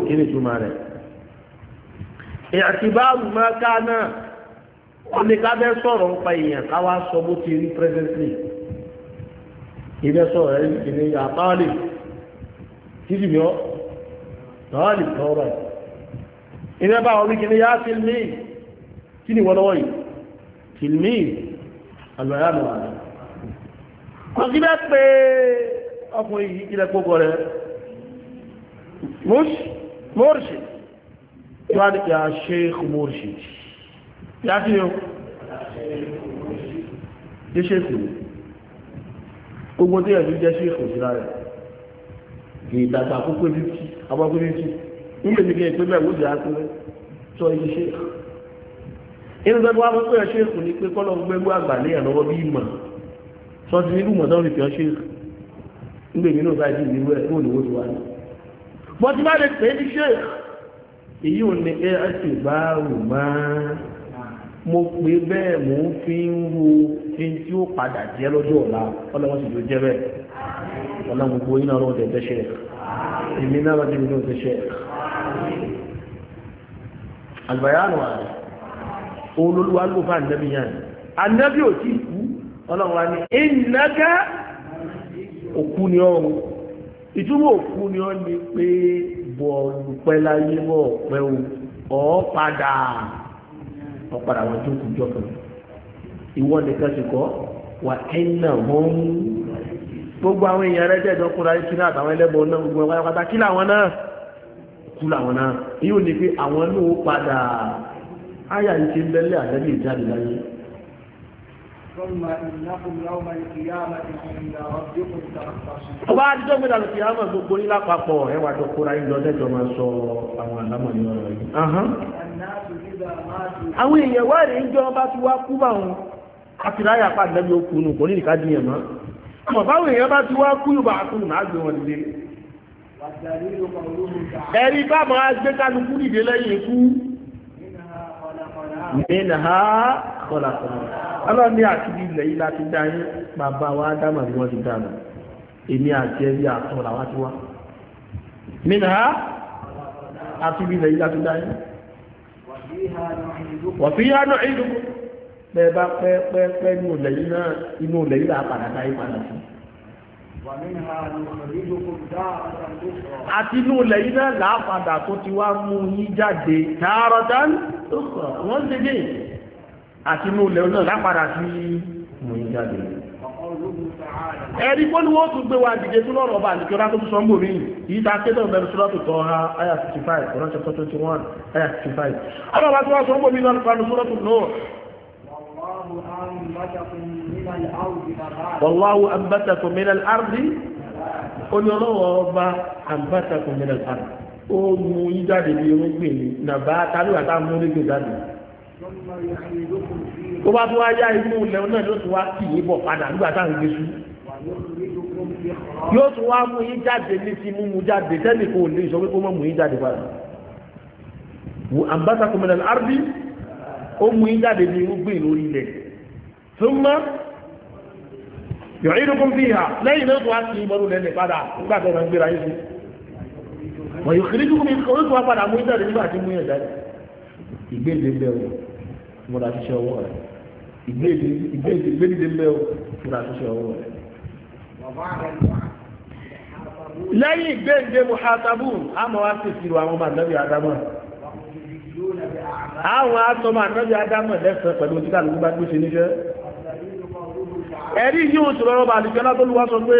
kí ni túnmà rẹ̀ ẹ̀tìbáàrù máa ká náà wọ́n ní ká bẹ́ sọ̀rọ̀ ń pa èèyàn káwá sọ bó ti rí presently ìbẹ́ sọ̀rọ̀ ẹ̀ ní àtàlì títí mi ọ́ tààlì tọ́ọ̀rọ̀ ìbẹ́ bá wọn tìlmí kí ni wọ́n lọ́wọ́ yìí tìlmí àlùbáyà lọ àlẹ. kò sí bẹ́ẹ̀ pé ọkùnrin yìí kílẹ̀ gbogbo rẹ̀ mọ́ọ̀rìṣì tí wàá dìkì àṣẹ mọ́ọ̀rìṣì yá sí o jẹ́ ṣéèkù ni gbogbo tí ẹ̀dùn jẹ́ ṣéèkù sí lára kì í dàgbà kó pé fífi abọ́ pé fífi nígbèmí kí n pé bẹ́ẹ̀ wó di àtúwẹ́ sọ ibi ṣéèkù inú gbogbo àwọn ọmọ ẹ̀ṣẹ́ èkó ní pé kọ́lọ̀ gbogbo àgbà ní ẹ̀lọ́wọ́ bí ìmọ̀ sọ ti nírú mọ̀ tọ́rọ̀ ìfẹ́ ṣe nígbè mí náà báyìí nírú ẹ̀ kó níwó ti wá ní. bọ́ ti bá lè pè é ní ṣe èyí ò ní ẹ ẹsẹ̀ bá rò máa mo pè bẹ́ẹ̀ mò ń fi ń wo ẹni tí ó padà jẹ́ lọ́jọ́ ọ̀la ọlọ́wọ́n sì ló jẹ́ bẹ́ẹ̀ ọlọ́wọ́n gbogbo yín náà lọ́wọ́ tẹ̀ tẹ́ṣẹ̀ olólùwà ló fà ànábì yẹn ànábì ò tí kú ọlọ́run wa ní ìnáká òkú ni ọ̀run ìtumọ̀ òkú ni ọ́ ni pé bọ̀ọ̀lù pẹ́láyé mọ́ ọ̀pẹ́ o ọ̀padà ọ̀padà wọn tó kù jọ kan ìwọ nìkan sì kọ́ wà ẹ̀nà wọn gbogbo àwọn èèyàn rẹ̀ jẹ́jọ́ kúra kí náà àtàwọn ẹlẹ́bọn náà gbogbo ọ̀pá kí làwọn náà kú làwọn náà yóò ní pé àwọn náà ó padà áyà yìí ti ń bẹ́lẹ̀ àdẹ́bí ìjáde láyé ọba àdìjọ́ gbé dànù kìí àmà gbogbo ní lápapọ̀ ẹwà tó kóra ìjọ lẹ́jọ́ máa sọ àwọn àlámọ̀ ní ọ̀rọ̀ yìí àwọn èèyàn wá rèé jọ bá ti wá kú bá wọn àtìláyà pàdánù okùn nù kò ní ìkádìyàn mọ́ àmọ́ báwọn èèyàn bá ti wá kú yóò bá kú nù máa gbé wọn nílé ẹ̀rí bá máa gbé kálukú nìdé lẹ́yìn ikú mẹ́nà ha kọ́lá kọ́lá ọlọ́ni àti ilẹ̀ yìí láti dáyé bàbá wa dámà ní wọ́n ti dámà èmi àti ẹbí àtọ́ làwá ti wá mẹ́nà ha àti ilẹ̀ yìí láti dáyé wọ̀fíyá náà ìlú bẹ́ẹ̀ bá pẹ́ pẹ́ pẹ́ inú ilẹ̀ yìí àti inú ilẹ̀ yìí náà lápàdà tó ti wá mú yín jáde tààrọ̀dán wọ́n dédé àti inú ilẹ̀ náà lápadà sí mòyìn jáde ẹ̀rí pọ́lú wọ́n tún gbé wa dìde tún lọ́rọ̀ ọba àdìkẹ́ ọlá tó tún sọ́mbò mí yìí ta kéde mẹ́rin sọ́lá tó tọ́ ha aya 55 ọ̀rọ̀ chapter 21 aya 55 ọ̀rọ̀ ọba tó wá sọ́mbò mí lọ́rọ̀ pàdé sọ́lá tó náà Wallahu ambatakum min al-ardi. Oni ọlọ́wọ́ ọba ambatakum min al ó mú yí jáde bí irúgbìn ni nàbá tálùwà mú légbè jáde tó bá tó wá yá inú ilẹ̀ náà ya tún wá kì í bọ̀ padà nígbà ń gbé sú yóò tún wá mú ní ti mú mu jáde tẹ́lẹ̀ kò lè sọ pé kó mọ̀ mú yí jáde padà àbáta kòmìnà àrùbí ó mú yí o bí irúgbìn lórí ilẹ̀ tó mọ́ yọ̀ọ́ ìdókòó fi hà lẹ́yìn náà tó wá kì í lẹ́lẹ̀ padà ń gbéra yín sí. wọ́n yóò kiri dúkú mi kọ́ yóò tún wá padà mú ìjáde nígbà tí mú yẹn jáde ìgbéde ń bẹ o múra ṣíṣe ọwọ́ rẹ ìgbéde ìgbéde ìgbéde ń bẹ o múra ṣíṣe ọwọ́ rẹ. lẹ́yìn ìgbéde muhasabu àmọ́ wá sí ìṣirò àwọn ọmọ àdàbí àdámọ̀ àwọn asọmọ àdàbí àdámọ̀ lẹ́sẹ̀ pẹ̀lú títà lóko bá gbé níṣẹ́ ẹ̀rí yóò sọ̀rọ̀ ọba àdìgbẹ́lá tó lù wá sọ pé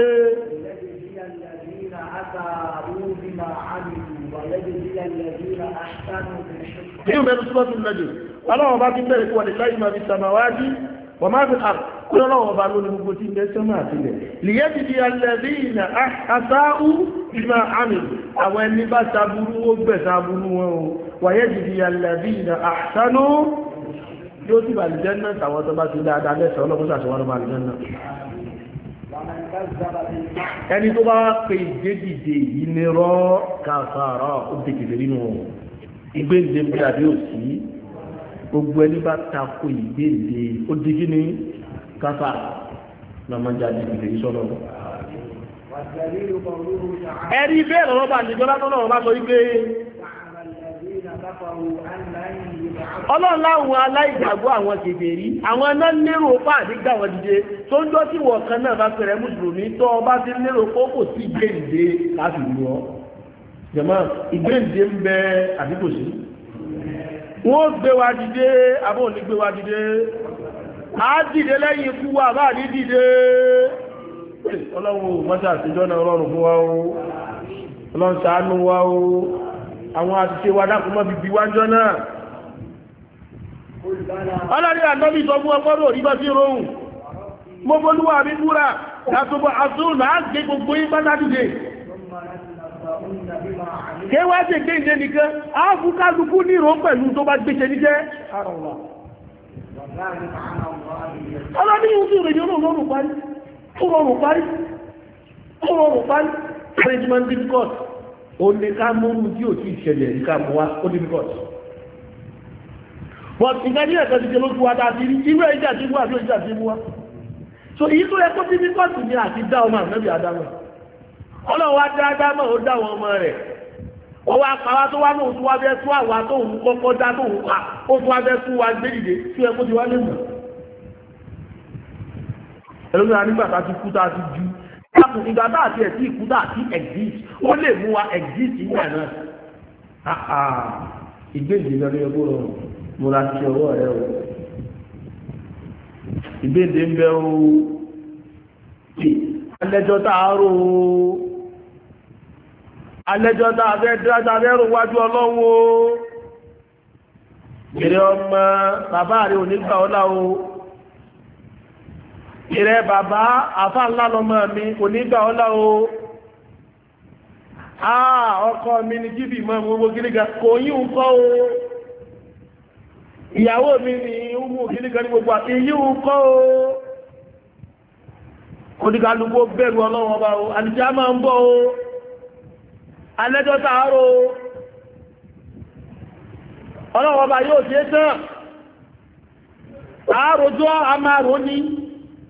nínú bẹ̀rẹ̀ súnmọ́tún lẹ́jọ́ aláwọ̀ bá ti bẹ̀rẹ̀ kí wọ́n lè láyé máa fi sàmàwájú wọ́n máa fi àrùn kí lọ́wọ́ bá lónìí gbogbo tí ń bẹ́ sọ́mà àtìlẹ̀ lìyẹ́ ti di alẹ́bí ìnà àṣáú ìmọ̀ àmì àwọn ẹni bá sàbúrú ó gbẹ̀ sàbúrú wọn o wàyẹ́ ti di alẹ́bí ìnà àṣánú yóò ti bàlìjẹ́ náà tàwọn ẹni tó bá pe ìgbédìde yìí ní rọ́ kàfàrà ó dèkèdè nínú ìgbéǹde bí àbí òsì gbogbo ẹni bá tako ìgbéǹde ó di kí ni kàfàrà náà máa ń jáde ìgbéǹde yìí sọ́nà ẹ̀rí bẹ́ẹ̀ lọ́wọ́ bá àdìjọ́ látọ̀ náà wọ́n bá sọ wípé ọlọ́run láwọn aláìgbàgbọ́ àwọn kèfèrí àwọn náà lérò pa àdígbà wọn dìde tó ń jọ sí wọ̀ kan náà bá pẹ̀rẹ̀ mùsùlùmí tó ọba ti lérò pé kò sí ìgbéǹde láti lù ọ́ jẹ̀mọ́ ìgbéǹde ń bẹ àdígbò sí wọ́n gbé wa dìde àbọ̀ ní gbé wa dìde a dìde lẹ́yìn ikú wa bá ní dìde ọlọ́run mọ́tà àtijọ́ náà ọlọ́run fún wa ó ọlọ́run ṣàánú wa ó àwọn àṣìṣe wa dákùnmọ́ bíbí wájọ́ náà ọlọ́rí àtọ́bí sọ fún ọgbọ́rọ̀ orí sí rohùn mo bolúwà mi búra látọ́bọ̀ àtúrùn náà gbé gbogbo yí bá sátidé kéwàájẹ̀ gbé ìjẹ́ nìkan ó ní ká di tí ò tí ìṣẹ̀lẹ̀ ní mú wá ó but nǹkan ní ẹ̀kọ́ ti ṣe ló fún wa dáadé rí irú ẹ̀jẹ̀ àti àti so èyí tó yẹ kó ni àti dá ọmọ àmọ́bí àdámọ̀ ọlọ́wọ́ á dá ó dá ọmọ rẹ̀ ọwọ́ apàwà tó wá náà tó wá tó àwà tó òun kọ́kọ́ dá tó òun lákùn ìgbà tá àti ẹ̀sí àti exist ó lè mú wa exist ìgbà náà ìgbéjì lọ ní ọgbọ́n rọ mo ra ti ọwọ́ rẹ o ìgbéde ń bẹ o alẹ́jọ́ tá a rò o alẹ́jọ́ tá a fẹ́ rò wájú o ọmọ bàbá rẹ ò ní gbà ọ́ ìrẹ bàbá àfà mi onígbà ọlá o àà ah, ọkọ mi ni jíbì mọ́ gbogbo kò ń kọ́ o mi ni gbogbo àyín ń kọ́ o oníkàlùkù bẹ̀rù ọlọ́wọ́ bá o àlùjá máa ń bọ̀ o alẹ́jọ́ tààrọ̀ ọlọ́wọ́ bá yóò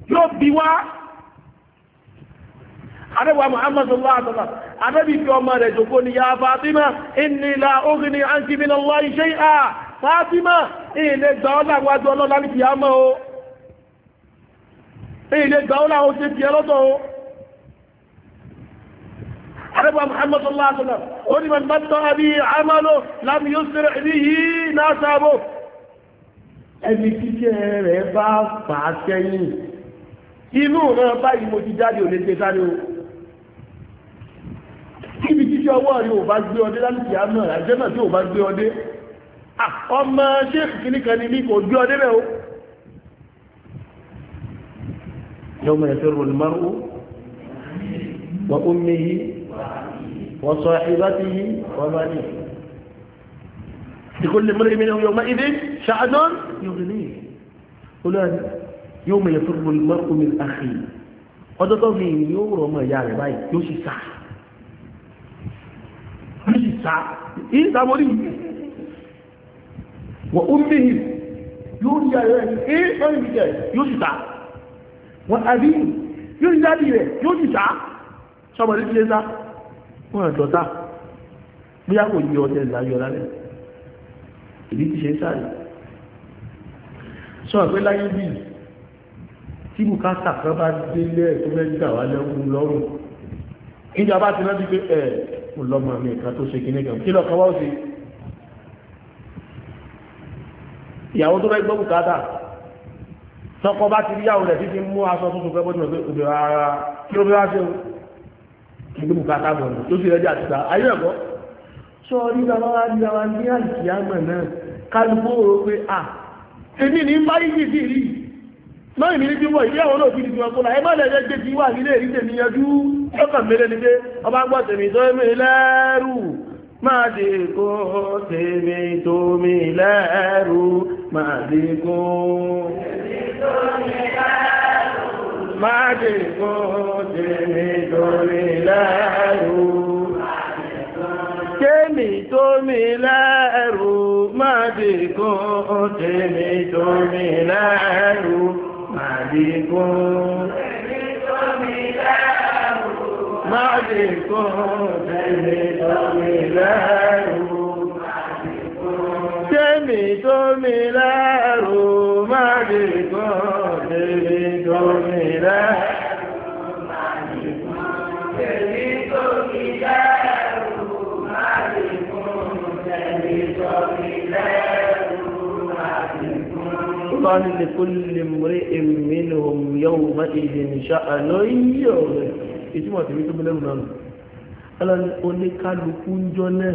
yóò bí wá àdẹ́wà muhammad sallallahu alaihi wasallam àdẹ́bí fi ọmọ rẹ̀ jòkó ni ya fatima inni la ughni anki min allahi shay'a fatima ilé gbà ọ́ láwájú ọlọ́lá ní kìyàmọ́ o ilé gbà ọ́ láwọ́ ṣe tiẹ̀ lọ́tọ̀ o àdẹ́wà muhammad sallallahu alaihi wasallam ó ní man batta bihi amaluhu lam yusri' bihi nasabuhu ẹni tí rẹ̀ bá fà sẹ́yìn inú ọ̀ràn báyìí mo ti jáde ò lè ṣe sáré o níbi títí ọwọ́ rí ò bá gbé ọdé láti àmì ọ̀rà jẹ́ náà tí ò bá gbé ọdé ọmọ ṣe kìníkan ní kò gbé ọdé rẹ̀ o yawma yafirru al-mar'u wa ummihi wa sahibatihi wa banihi li kulli imri'in minhum yawma'idhin sha'nun yughnihi yóò mọ̀ yẹn tó gbogbo ìmọ̀ omi àṣì ọjọ́ tó fi ìrìn yóò rọ̀ ọmọ ìyá rẹ̀ báyìí yóò sì sá yóò sì sá yìí sàmórí wọ́n ó mí yóò rí ààrẹ rẹ̀ ẹ́ lọ́rin bí jẹ́ yóò sì sá wọ́n àbí yóò rí dáàbì rẹ̀ yóò sì sá sọmọdé ti lé sá wọ́n àjọta bóyá kò yí ọtẹ ìlàyọ̀ lálẹ́ èyí ti ṣe sáré sọ àpé láyé bíi tí bùkátà kan bá délé ẹ̀ tó mẹ́gbà wá lẹ́kùn lọ́rùn ìjọba ti rántí pé ẹ̀ ọlọ́mọ mi kan tó ṣe kíní kan kí lọ kan wá ó ṣe ìyàwó tó fẹ́ gbọ́ bùkátà tọkọ bá ti rí yàwó rẹ̀ títí mú aṣọ tuntun fẹ́ bọ́dún pé òbí ara kí ló fẹ́ wá ṣe o kí ló bùkátà bọ̀ ní tó sì rẹ́jà ti ta ayé ẹ̀kọ́ sọ rí bàbá wa rí bàbá ní àìsíyàmọ̀ náà kálukú rò pé à èmi ní báyìí sì rí lọ́yìn mi ní bí wọ́n ìdí àwọn olóògbé ti wọn kúnlá ẹgbẹ́ lẹ́jẹ́ gbé ti wà nílé ìrísẹ̀ ní yanjú lọ́kàn pé ọba gbọ́ tèmi tó mi lẹ́rù máa dì kó tèmi tó mi lẹ́rù máa dì kó tèmi tó mi lẹ́rù máa dì kó tèmi tó mi lẹ́rù mi lẹ́rù máa dì kó tèmi tó mi lẹ́rù. معدكم معدكم tẹ́mi tó mi láàrù máàdìkọ́ tẹ́mi tó mi láàrù máàdìkọ́ tẹ́mi tó mi láàrù السلطان لكل امرئ منهم يومئذ شأن يغنيه ìtumọ̀ tèmi tó bẹ́lẹ̀ mọ̀ náà ọlọ́ni oníkálukú ń jọ náà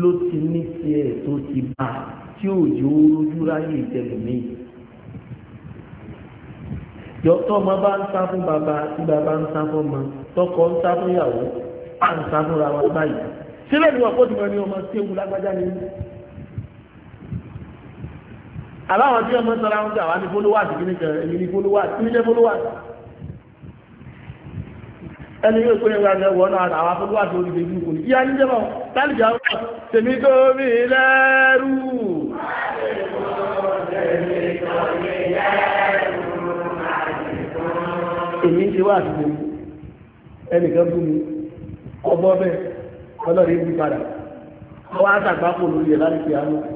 ló ti ní tiẹ̀ tó ti bá tí ò jẹ́ orójú ráyè ìtẹ̀lẹ̀mí tọ́mọ bá ń sá fún bàbá tí bàbá ń sá fún ọmọ tọkọ ń sá fún ìyàwó à ń sá fúnra wọn báyìí sílẹ̀ ni wọ́n pọ̀ jùlọ ní ọmọ tí ewu lágbájá ni àbáwọn tí ọmọ sọ́ra ń gbà wá ní followers kí ní kẹ èmi ní followers kí ní jẹ́ followers ẹni yóò kó nígbà jẹ́ wọ́n náà àwọn followers lórí ìgbésí kò ní ìyá ní jẹ́bọ̀ tálìkì àwọn tèmi tó mi lẹ́rù èmi ti wá àti tèmi ẹnìkan bú mi ọgbọ́ bẹ́ẹ̀ ọlọ́rin bí padà wọ́n á sàgbápò lórí ẹ̀ láti pè á lọ́wọ́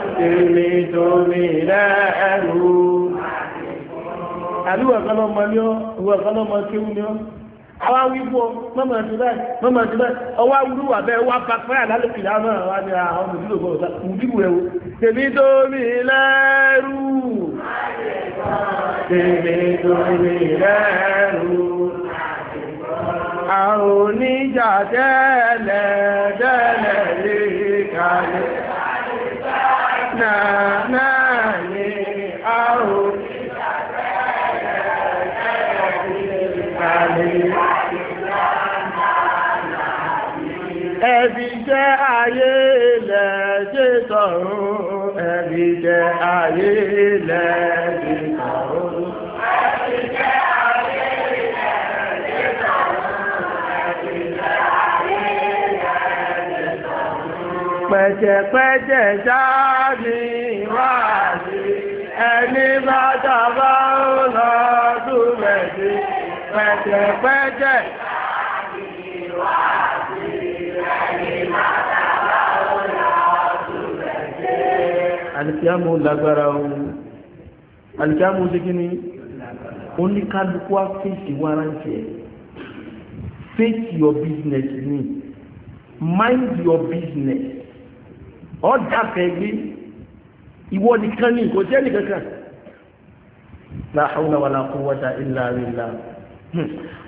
nítorí láàrú. àdúgbò kan lọ mọ ní ọ ìwọ kan lọ mọ kéwù ní ọ. àwa wí fún ọ mọ́mọ́ ti báyìí mọ́mọ́ ti báyìí ọwọ́ awúrú wà bẹ́ẹ̀ wá pa fẹ́rẹ́ àlálẹ́ kìlá náà wá ní àwọn òdìbò bọ̀ ọ̀tá òdìbò ẹ̀ wò. tèmi tó mi lẹ́rù. tèmi tó mi lẹ́rù. àrùn níjà tẹ́lẹ̀ tẹ́lẹ̀ lè kalẹ̀ nàánà ní àrò ẹ̀bí jẹ́ ayé ilẹ̀ jẹ́ sọ̀rọ̀ ẹ̀bí jẹ́ ayé ilẹ̀ jẹ́ sọ̀rọ̀ pẹ̀tẹ̀pẹ̀tẹ̀ sáàmì ní wà ní ẹni bá tàbá ń lọ dúrẹ̀ sí. Àlìkíámù lágbára ohun. Àlìkíámù sí kí ni? Oníkálukú á fèsì your business ni. Mind your business. ọjà kẹgbẹ ìwọ nìkan ni kò jẹ́ nìkankan la hawla wala quwwata illa billah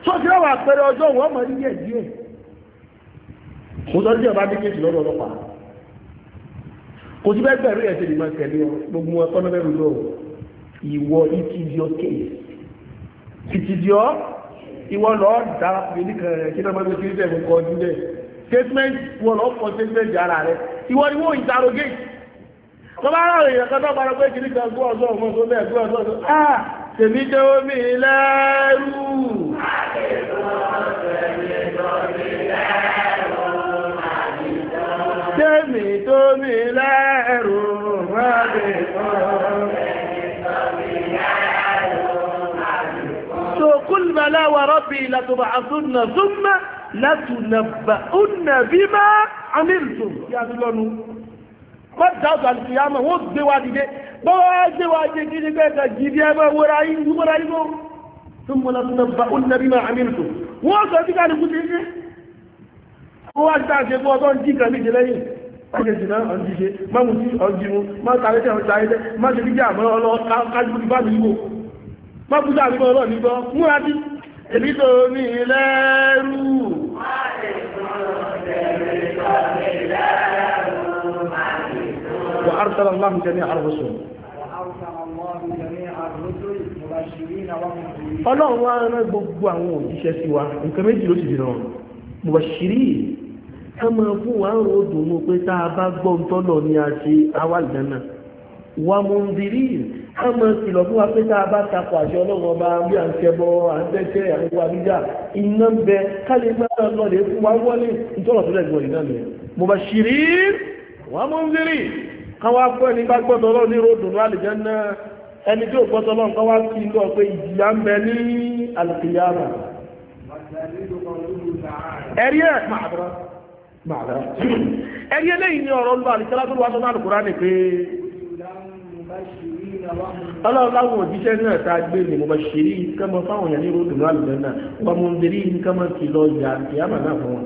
tó hmm. ti rọwà pẹ̀rẹ̀ ọjọ́ wọ́n mọ̀ ní díẹ̀ díẹ̀ kò sọ díẹ̀ bá dékèjì lọ́dọ̀ ọlọ́pàá kò sí bẹ́ẹ̀ bẹ̀rẹ̀ ẹ̀sẹ̀ lè máa tẹ̀lé gbogbo ẹ̀kọ́ náà bẹ̀rù lọ ìwọ ìtìdíọ kéè ìtìdíọ ìwọ lọ dá nìkan rẹ̀ kí náà máa gbé kí ní tẹ̀ ìwọ ni wọ́n interrogate tó bá rà èèyàn kan tó bá rọ pé kìí kan gbọ́ ọ̀sọ́ ọmọ tó bẹ́ẹ̀ gbọ́ ọ̀sọ́ ọ̀sọ́ ah tèmi jẹ́ omi lẹ́rù tèmi tó mi lẹ́rù So kúlùmọ̀lá wà rọ́bì ìlàtọ̀bà àtúnnà súnmọ́ látùnàbà ó nàbí má amílùtò kí a tún lọ́nu kọ́ta ọ̀tọ̀ àti àmọ̀ wọ́n gbé wa dìde bọ́wọ́ gbé wa dìde kí ni bẹ́ẹ̀ ka jìdí ẹ bá wọ́ra yín wọ́ra yín lọ́wọ́ tó mọ̀ látùnàbà ó nàbí má amílùtò wọ́n sọ sí ká ní kú sí sí wọ́n wá sí àṣẹ fún ọdọ́ jí kan méje lẹ́yìn ọjọ́ ìsìnà ọjíṣe má mú sí ọjímú má tàbíṣẹ́ ọjà ayẹ́dẹ́ má ṣe bí jẹ́ àmọ́ ọlọ́ èmi tó ní lẹ́rù وأرسل الله جميع الرسل Ọlọ́run wá rán gbogbo àwọn òjíṣẹ́ sí wa, nǹkan méjì ló sì dìnà mubashiri, ká máa fún wa ń rò dùnú pé tá a bá gbọ́ ń tọ́lọ̀ ní a ṣe awàlìdánà wà mọ̀nbìrì a máa ń kìlọ̀ fún wa pé tá a bá takò àṣẹ ọlọ́run ọba bí à ń tẹbọ à ń tẹ́tẹ́ à ń wá níjà iná ń bẹ ká lè má lọ lọ lè fún wa wọlé ìtọ́nà tó lẹ́gbọ̀n ìná mi mo bá ṣìrí wà mọ̀nbìrì káwá fún ẹni bá gbọ́dọ̀ ọlọ́run ní ròdùn ní àlùjánnà ẹni tí ò gbọ́dọ̀ ọlọ́run káwá kí lọ pé ìjìyà ń bẹ ní àlùkìyàmà ẹ̀rí ẹ̀ máa ẹ̀rí eléyìí ni ọ̀rọ̀ lọ àlùkìyàmà tó wá sọ ọlọ́run láwọn òjíṣẹ́ náà tá a gbé ní mo bá ṣe rí nǹkan mọ fáwọn èèyàn ní ròdù náà lùdọ́ náà wọ́n mú nbẹ̀rí nǹkan mọ kí lọ yà kìyàmà náà fún wọn.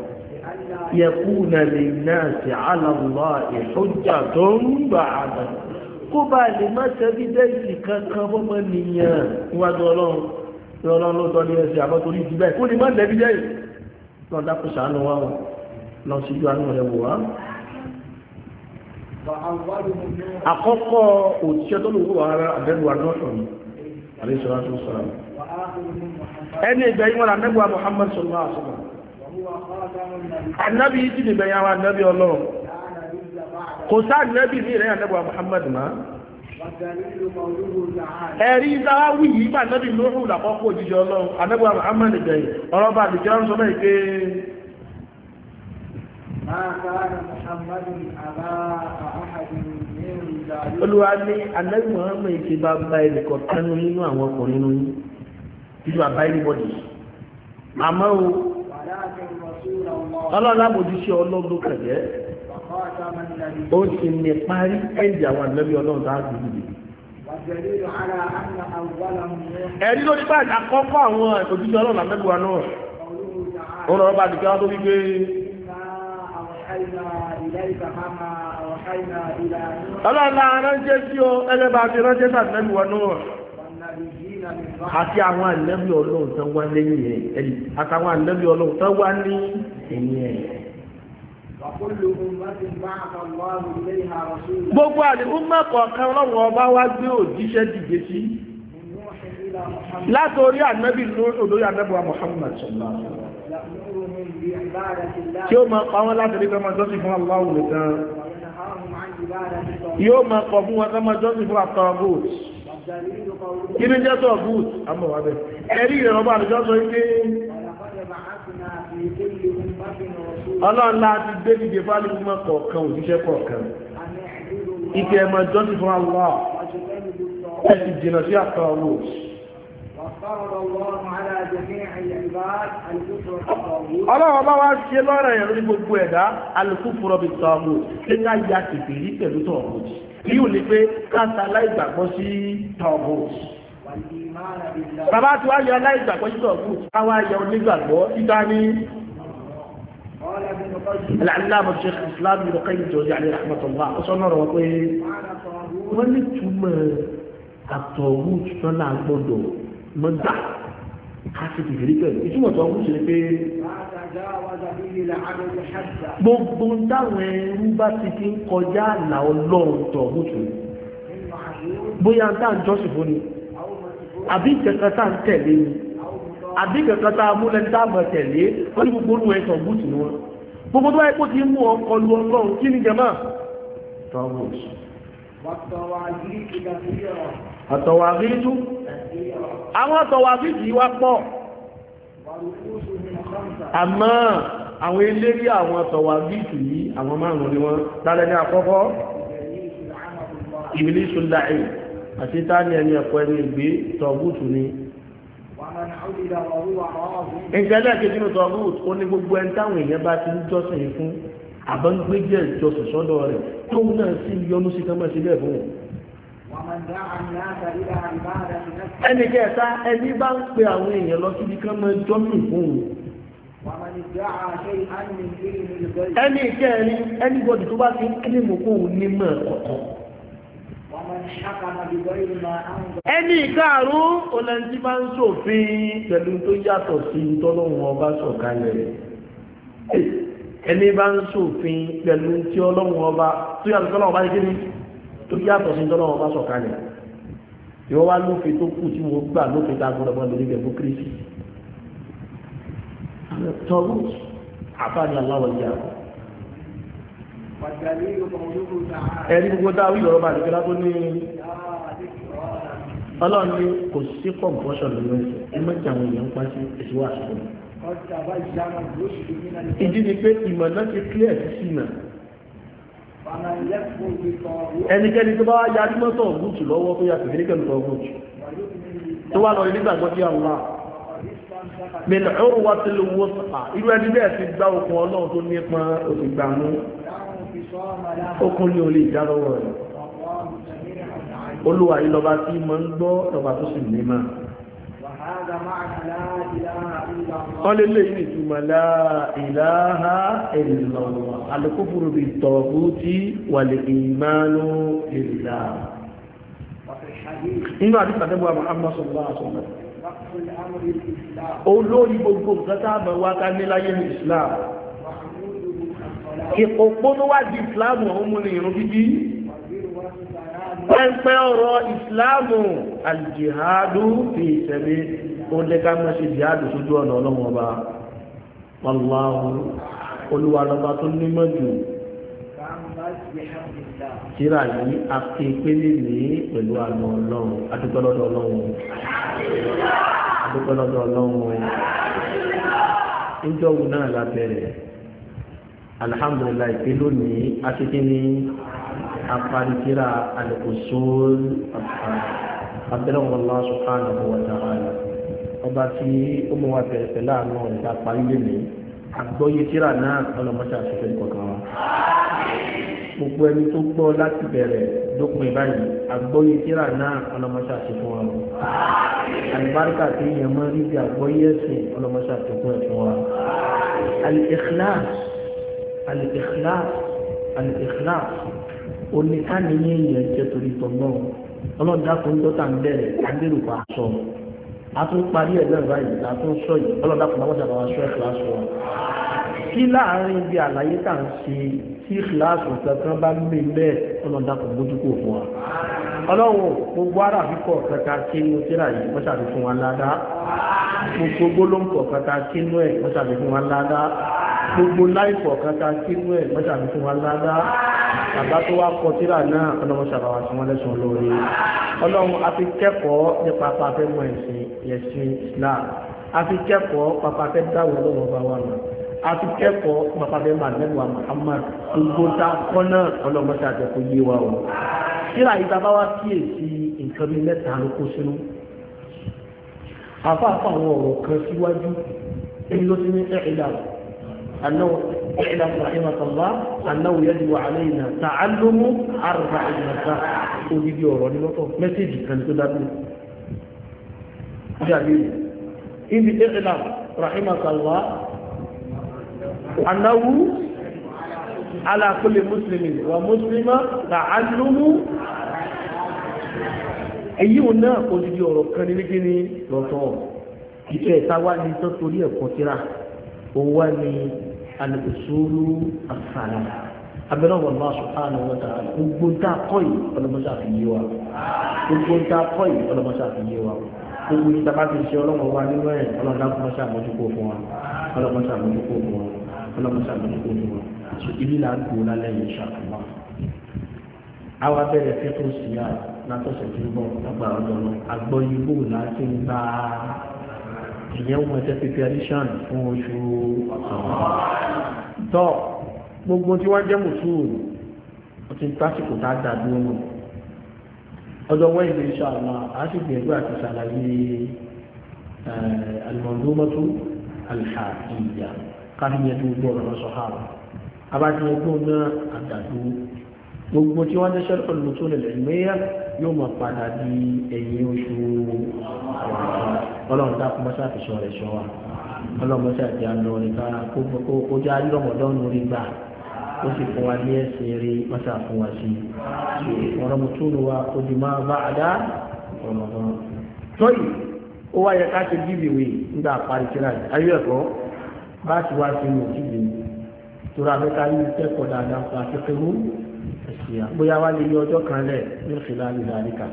yẹ̀kú na lè náà sí àlàlọ́ ìṣọ́jà tó ń gbà àgbà kó bá lè má tẹ́bí dẹ́sì kankan fọ́mọ nìyẹn níwájú ọlọ́run ló sọ ní ẹsẹ̀ àbọ̀ torí ti kó lè má tẹ́bí dẹ́sì lọ́dà kó sàánú wa lọ àkọ́kọ́ òtíṣẹ́ tó lòwò ara àbẹ́lúwà lọ́sọ̀ ní àríṣọ́lá tó sọ́rọ̀ ẹni ìgbẹ̀yìn wọn àmẹ́gbà Muhammad sọ́lá àṣọ́lá ànábì yìí ti nìgbẹ̀yìn àwọn ànábì ọlọ́run kò sáà nẹ́bì ní ìrẹ́ ànábì Muhammad ma ẹ̀rí ìdáwà ما كان محمد أبا أحد من ذلك Olúwa ní Ànábì Muhammad ti bá bá ẹnì kọ̀ọ̀kan nínú àwọn ọkùnrin nínú yín nínú àbá ẹnìbọ̀dì àmọ́ o ọlọ́run àbójúṣe ọlọ́run kẹ̀jẹ́ ó sì ní parí ẹ̀ǹdì àwọn ànábì ọlọ́run tó á gbùgbù dìbò ẹ̀rí ló nípa àkọ́kọ́ àwọn òjúṣe ọlọ́run àmẹ́gbọ̀n náà ó lọ́ọ́ bá dùkẹ́ wọn tó wí ọlọ́lá ránṣẹ́ sí o ẹlẹ́bàá ti ránṣẹ́ sàtẹ́lù wọn náà àti àwọn ànábì ọlọ́run tán wá lẹ́yìn ẹ̀ ẹ̀lì àtàwọn ànábì ọlọ́run tán wá ní ẹ̀yìn ẹ̀. gbogbo àdìgún mẹ́kọ̀ọ̀kan ọlọ́run ọba wá gbé òjíṣẹ́ dìde sí látòrí ànábì lórí ànábì wa Muhammad sallallahu alaihi tí ó máa pa wọ́n láti rí kọ́mọ jọ́sìn fún aláwọ̀ nìkan yóò máa kọ̀ fún wọn kọ́mọ jọ́sìn fún àtọ̀gùt kí ni jẹ́ tọ̀gùt amọ̀wábẹ̀ ẹ̀rí ìrọ̀bà àdìjọ́ sọ wípé ọlọ́run láti gbé dìde fálùmọ́ kọ̀ọ̀kan òṣìṣẹ́ kọ̀ọ̀kan ìkẹ́ ẹ̀mọ̀ jọ́sìn fún aláwọ̀ ẹ̀sìn jìnnà sí àtọ̀gùt ọlọ́wọ́ bá wá ṣe lọ́rọ̀ ẹ̀rọ ní gbogbo ẹ̀dá alùpùpùrọ̀ bí sọ́ọ̀mù tí ká ya kìtì rí pẹ̀lú tọ̀ọ̀bù yíò lè pé káta láìgbàgbọ́ sí tọ̀ọ̀bù bàbá tí wá yọ láìgbàgbọ́ sí tọ̀ọ̀bù káwá yọ onígbàgbọ́ títà ní العلامة الشيخ الإسلام بن قيم الجوزي رحمة الله وصلنا رواقه ولتما الطاغوت فلا gbọ́dọ̀ mọ́ńtà káàkiri kìkìrí pẹ̀lú ìtumọ̀ tó ń ṣe pé gbogbo táwọn ẹrú bá ti fi ń kọjá àlà ọlọ́run tọ̀ mútu bóyá tá à ń jọ́sìn fún ni àbí kẹ̀kẹ́ tá à ń tẹ̀lé ni àbí kẹ̀kẹ́ tá a múlẹ̀ tá a mọ̀ tẹ̀lé wọ́n ní gbogbo olú ẹ̀ tọ̀ mútu ni wọ́n gbogbo tó wáyé kó ti mú ọkọ lu ọlọ́run kí ni jẹ́mọ́ tọ́ àtọ̀wàfíìtù àwọn àtọ̀wàfíìtì wá pọ̀ àmọ́ àwọn eléré àwọn àtọ̀wàfíìtì yìí àwọn márùn-ún ni wọ́n tálẹ́ ní àkọ́kọ́ ìbílísù láì àti tání ẹni ẹ̀kọ́ ẹni ìgbé tọ̀gútù ni ìjẹ́lẹ̀ kejì ní tọ̀gútù ó ní gbogbo ẹni táwọn èèyàn bá ti ń jọ́sìn fún àbọ̀ngbẹ́jẹ̀ ìjọsìn sọ́dọ̀ rẹ̀ tóun náà sì yọnu sí kọ́mọ̀ sílẹ̀ fún wọn ẹnì kẹta ẹni bá ń pe àwọn èèyàn lọ síbi kan máa jọ́mìn fún un ẹni kẹrin ẹni bọ́dì tó bá fi ń kílì mú fún un ní mọ̀ ọ̀kan ẹni ìkarùn-ún olẹ́ntí máa ń ṣòfin pẹ̀lú tó yàtọ̀ sí tọ́lọ́run ọba sọ̀kalẹ̀ ẹni bá ń ṣòfin pẹ̀lú tí ọlọ́run ọba tó yàtọ̀ tọ́lọ́run ọba ṣe kí ni tó yàtọ̀ sí tọ́lọ́ wọn bá sọ̀ kalẹ̀ yọ wá lófin tó kù tí mo gbà lófin tá a gbọ́dọ̀ gbọ́dọ̀ lórí democracy tọ́lú àfáàní aláwọ̀ yìí àkọ́. ẹni gbogbo dáa wí lọ́rọ́ bá lè kíra tó ní ọlọ́run ní kò sí compulsion lórí ẹ̀sẹ̀ ẹ má jà àwọn èèyàn ń pa sí ìṣúwà àṣọ. ìdí ni pé ìmọ̀ náà ti clear sí sí náà ẹnikẹ́ni tó bá yarí mọ́tọ̀ gúúsù lọ́wọ́ tó yàtọ̀ ẹnikẹ́ni tó gúúsù tó wà lọ́rí nígbàgbọ́ sí àwọn mẹ́lẹ̀ ọrùn wá tí lówó sàpà irú ẹni bẹ́ẹ̀ ti gbá okùn ọlọ́run tó nípa òsìgbà mú okùn ní olè ìdálọ́wọ́ rẹ̀ olúwa ìlọba wọ́n lè lè ní ìtumọ̀ láìláha ẹ̀lọ́wọ̀ alùkúfùrù bí tọ̀ọ̀bù tí wà lè ìmánú ìlà inú àdíkà tẹ́bọ̀ àmọ́ sọ̀rọ̀ àṣọ́mọ̀ olórí gbogbo ìgbẹ́ta àmọ́ Islam ìpòpónú wá di Islam ọ̀hún mú aljihadu fi ìṣẹ̀mí ó lé ká mọ́ sí jihadu sójú ọ̀nà ọlọ́wọ́n ọba wàláhùn olúwa lọ́ba tó nímọ̀ jù tíra yìí akéèpélé ní pẹ̀lú àmọ́ ọlọ́run adúpẹ́lọ́dọ̀ ọlọ́run adúpẹ́lọ́dọ̀ ọlọ́run níjọ́wù náà la bẹ̀rẹ̀ alhamdulilayi pé lónìí akéèké ní aparitíra alẹ́kọ̀ọ́sọ́ọ́lù àpárá abẹ́rẹ́ wọn lọ́wọ́ subhanahu wa ta'ala ọba tí ó mú wa bẹ̀rẹ̀ pẹ̀lú àánú rẹ̀ bá parí lónìí àgbọ́yé tíra náà ọlọ́mọṣà ṣẹṣẹ kọ̀ọ̀kan wa. gbogbo ẹni tó gbọ́ láti bẹ̀rẹ̀ dópin báyìí àgbọ́yé tíra náà ọlọ́mọṣà ṣe fún wa. àlùbáríkà tí yẹn mọ́ níbi àgbọ́yé ẹ̀sìn ọlọ́mọṣà ṣe fún ẹ̀ fún wa. al-ikhlas al ọlọ́run dákun ń dọ́ta ń bẹ̀rẹ̀ àgbèrò pa aṣọ a tún parí ẹ̀ náà báyìí la tún sọ yìí ọlọ́run dákun máa wọ́n ṣàbàwọ́ aṣọ ẹ̀ kí láàárín ibi àlàyé tá à ń ṣe tí ìkìláàsì kankan bá lè lẹ́ ọlọ́dàpọ̀ mójúkò fún wa ọlọ́run gbogbo ara fíkọ̀ kẹta kínú tíra yìí wọ́n ṣàfi fún wa ládá gbogbo gbólóǹkọ̀ kẹta kínú ẹ̀ wọ́n ṣàfi fún wa ládá gbogbo láìpọ̀ kẹta kínú ẹ̀ wọ́n ṣàfi fún wa ládá bàbá tó wá kọ tíra náà ọlọ́run ṣàbàwà sí wọn lẹ́sùn lórí ọlọ́run a fi kẹ́kọ̀ọ́ nípa pàfẹ́ mọ̀ ẹ̀sìn ẹ̀sìn Islam a fi kẹ́kọ̀ọ́ pàfẹ́ dáwọ́ ọlọ́run ọba wa náà àti kẹ́kọ̀ọ́ pàpàbẹ́mbà lẹ́gbà Muhammad gbogbo ta kọ́nà ọlọ́mọdé àjẹkọ̀ yé wa o síra ìtaba wa kíyèsí nǹkan bíi mẹ́ta ló kó sínú àfáàfà àwọn ọ̀rọ̀ kan síwájú èyí ló ti ní ẹ̀ẹ́dà أنه اعلم رحمة الله أنه يجب علينا تعلم أربع مسائل ودي يورو ني موتو kan كان تدابي جابي إن اعلم رحمة الله anáwú alákólè mùsùlùmí wà mùsùlùmí ta alúmú èyí ò náà kò dìdí ọ̀rọ̀ kan ní nígbé ní lọ́tọ̀ ìfẹ́ ẹ̀ta wá ní tó torí ẹ̀kọ́ tíra òun wá ní alùsùlù àfàlà abẹ́rẹ́ wọn bá subhanahu wa ta'ala gbogbo ntá kọ́ yìí ọlọ́mọṣà fi yé wa gbogbo ntá kọ́ yìí ọlọ́mọṣà fi yé wa gbogbo ìtàkàtì ìṣe ọlọ́mọ wa nínú ẹ̀ ọlọ́dà kọ́mọṣà mójúkó fún wa ọlọ́mọṣà mójúkó fún wa ọlọ́mọṣà ló ń kó ní wọn so ibi là ń kó lálẹ́ yìí ṣàkóbá àwa bẹ̀rẹ̀ fẹ́tọ̀ sí à látọ̀sẹ̀ tó ń bọ̀ lágbà ọ̀dọ̀ lọ àgbọ̀ ibò láti ń bá ìyẹn wọn ẹsẹ̀ preparation fún oṣù tọ́ gbogbo tí wọ́n jẹ́ mùsùlùmí ó ti ń tásìkò tá a dà dúró nù ọjọ́ wẹ́ẹ̀dì ìṣàlá àṣìgbẹ̀gbẹ̀ àti ṣàlàyé eh, al-manzumatu al-haqqiyyah káfíńyẹ tó gbọ́ ọ̀rọ̀ sọ̀hárà abájẹ́ tó ná àgbàdo gbogbo tí wọ́n ní sẹ́lẹ̀ pẹ̀lú tó lè lẹ́yìn mẹ́yà yóò mọ̀ padà di ẹ̀yìn oṣù ọlọ́run dákú mọ́sá àfisọ rẹ̀ sọ wa ọlọ́run mọ́sá àti àná nípa kó ayélujára lórí gbà ó sì fún wa ní ẹ̀sìn eré mọ́sá fún wa sí ọ̀rọ̀ mo tún wa kó máa bá a dá ọ̀rọ̀ náà. ó wáyé ká ṣe bíbélì nígbà parí kíláàsì ayé ẹ̀kọ́ bá ti wá sí ní òjìlè ní torí abẹ́ká yìí kẹ́kọ̀ọ́ dáadáa fún akẹ́kẹ́rú ìsìyà bóyá wá lè yọ ọjọ́ kan lẹ̀ ní ìfìlà ní ìdáríkà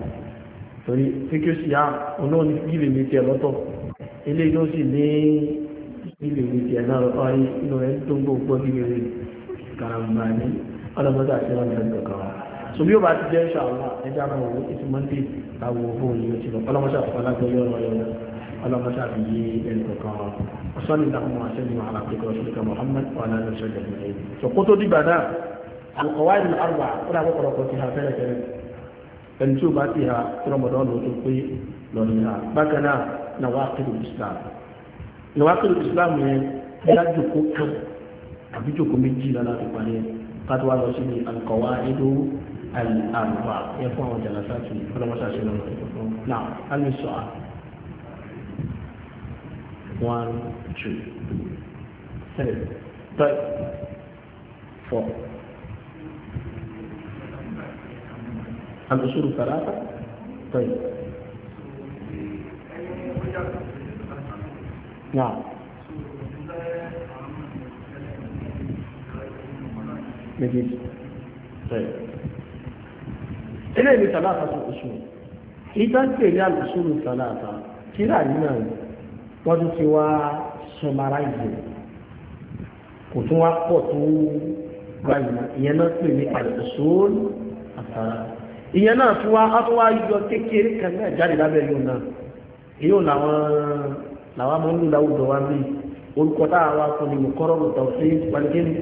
torí fíkí ìsìyà olóòní ìlè ní tiẹ̀ lọ́tọ̀ ilé yóò sì ní ìlè ní tiẹ̀ náà lọ́tọ̀ ayé inú rẹ̀ tó ń gbó gbọ́ bí rere karamba ní ọlọ́mọdé àti ọlọ́mọdé kankan wa so bí ó bá ti jẹ́ ìṣàlá ẹja máa wọ ìtìmọ́ndé láwọ owó yìí ó ti lọ ọlọ́mọdé àti ọlọ́mọdé ọlọ́mọdé àti yé وصلي اللهم وسلم على عبدك ورسولك محمد وعلى اله وصحبه اجمعين فقلت دي بعد القواعد الاربعه ولا بقرا قوتها فلك ان توباتها رمضان وتوقي لونها بكنا نواقض الاسلام نواقض الاسلام من يجوكو كم àbí jòkó méjì lọ́la fi parí ẹ̀ kátó wá lọ sí ní àlùkọ́wá ẹ̀dọ́ àlùfà ẹ̀ fún àwọn jàlásà tì ọlọ́mọṣàṣẹ́ lọ́wọ́ náà á ní sọ̀rọ̀. One, i I'm the Suru Sarata. Three. Now. Maybe three. إلى ثلاثة أصول. إذا كان الأصول ثلاثة، كلا منها wọ́n tún ti wá sọmara ìbò kò tún wá pọ̀ tó gba ìmọ̀ ìyẹn náà pè ní àìsàn àtàrà ìyẹn náà tún wá á tún wá yọ kékeré kan náà jáde lábẹ́ yóò náà èyí ò làwọn làwọn máa ń wa bí orúkọ tá wá fún ni mo kọ́rọ́ lò tàwọn sí wàlíkẹ́ni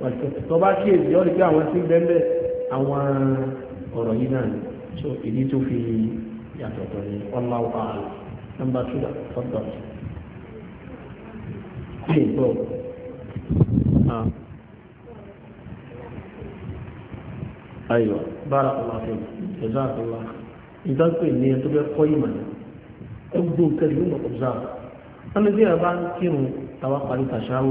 wàlíkẹ́ni tó bá kí èdè ọ́ lè gbé àwọn sí bẹ́ẹ̀ àwọn ọ̀rọ̀ yìí náà so ìdí tó fi yàtọ̀ tọ̀ ni ọlọ́wọ́ àlọ́ nọ́mbà two dà fọ́tọ̀ lè gbọ́. ayọ̀ bára ọ̀la fún mi ẹ̀zá àtọ̀la ìdájọ́ ìní ẹ̀ tó bẹ́ kọ́ ìmọ̀ ní ẹ gbó kẹ́lì ló mọ̀ ọ̀zá wọn ni bí ẹ bá ń kírun tàwa parí tàṣáwò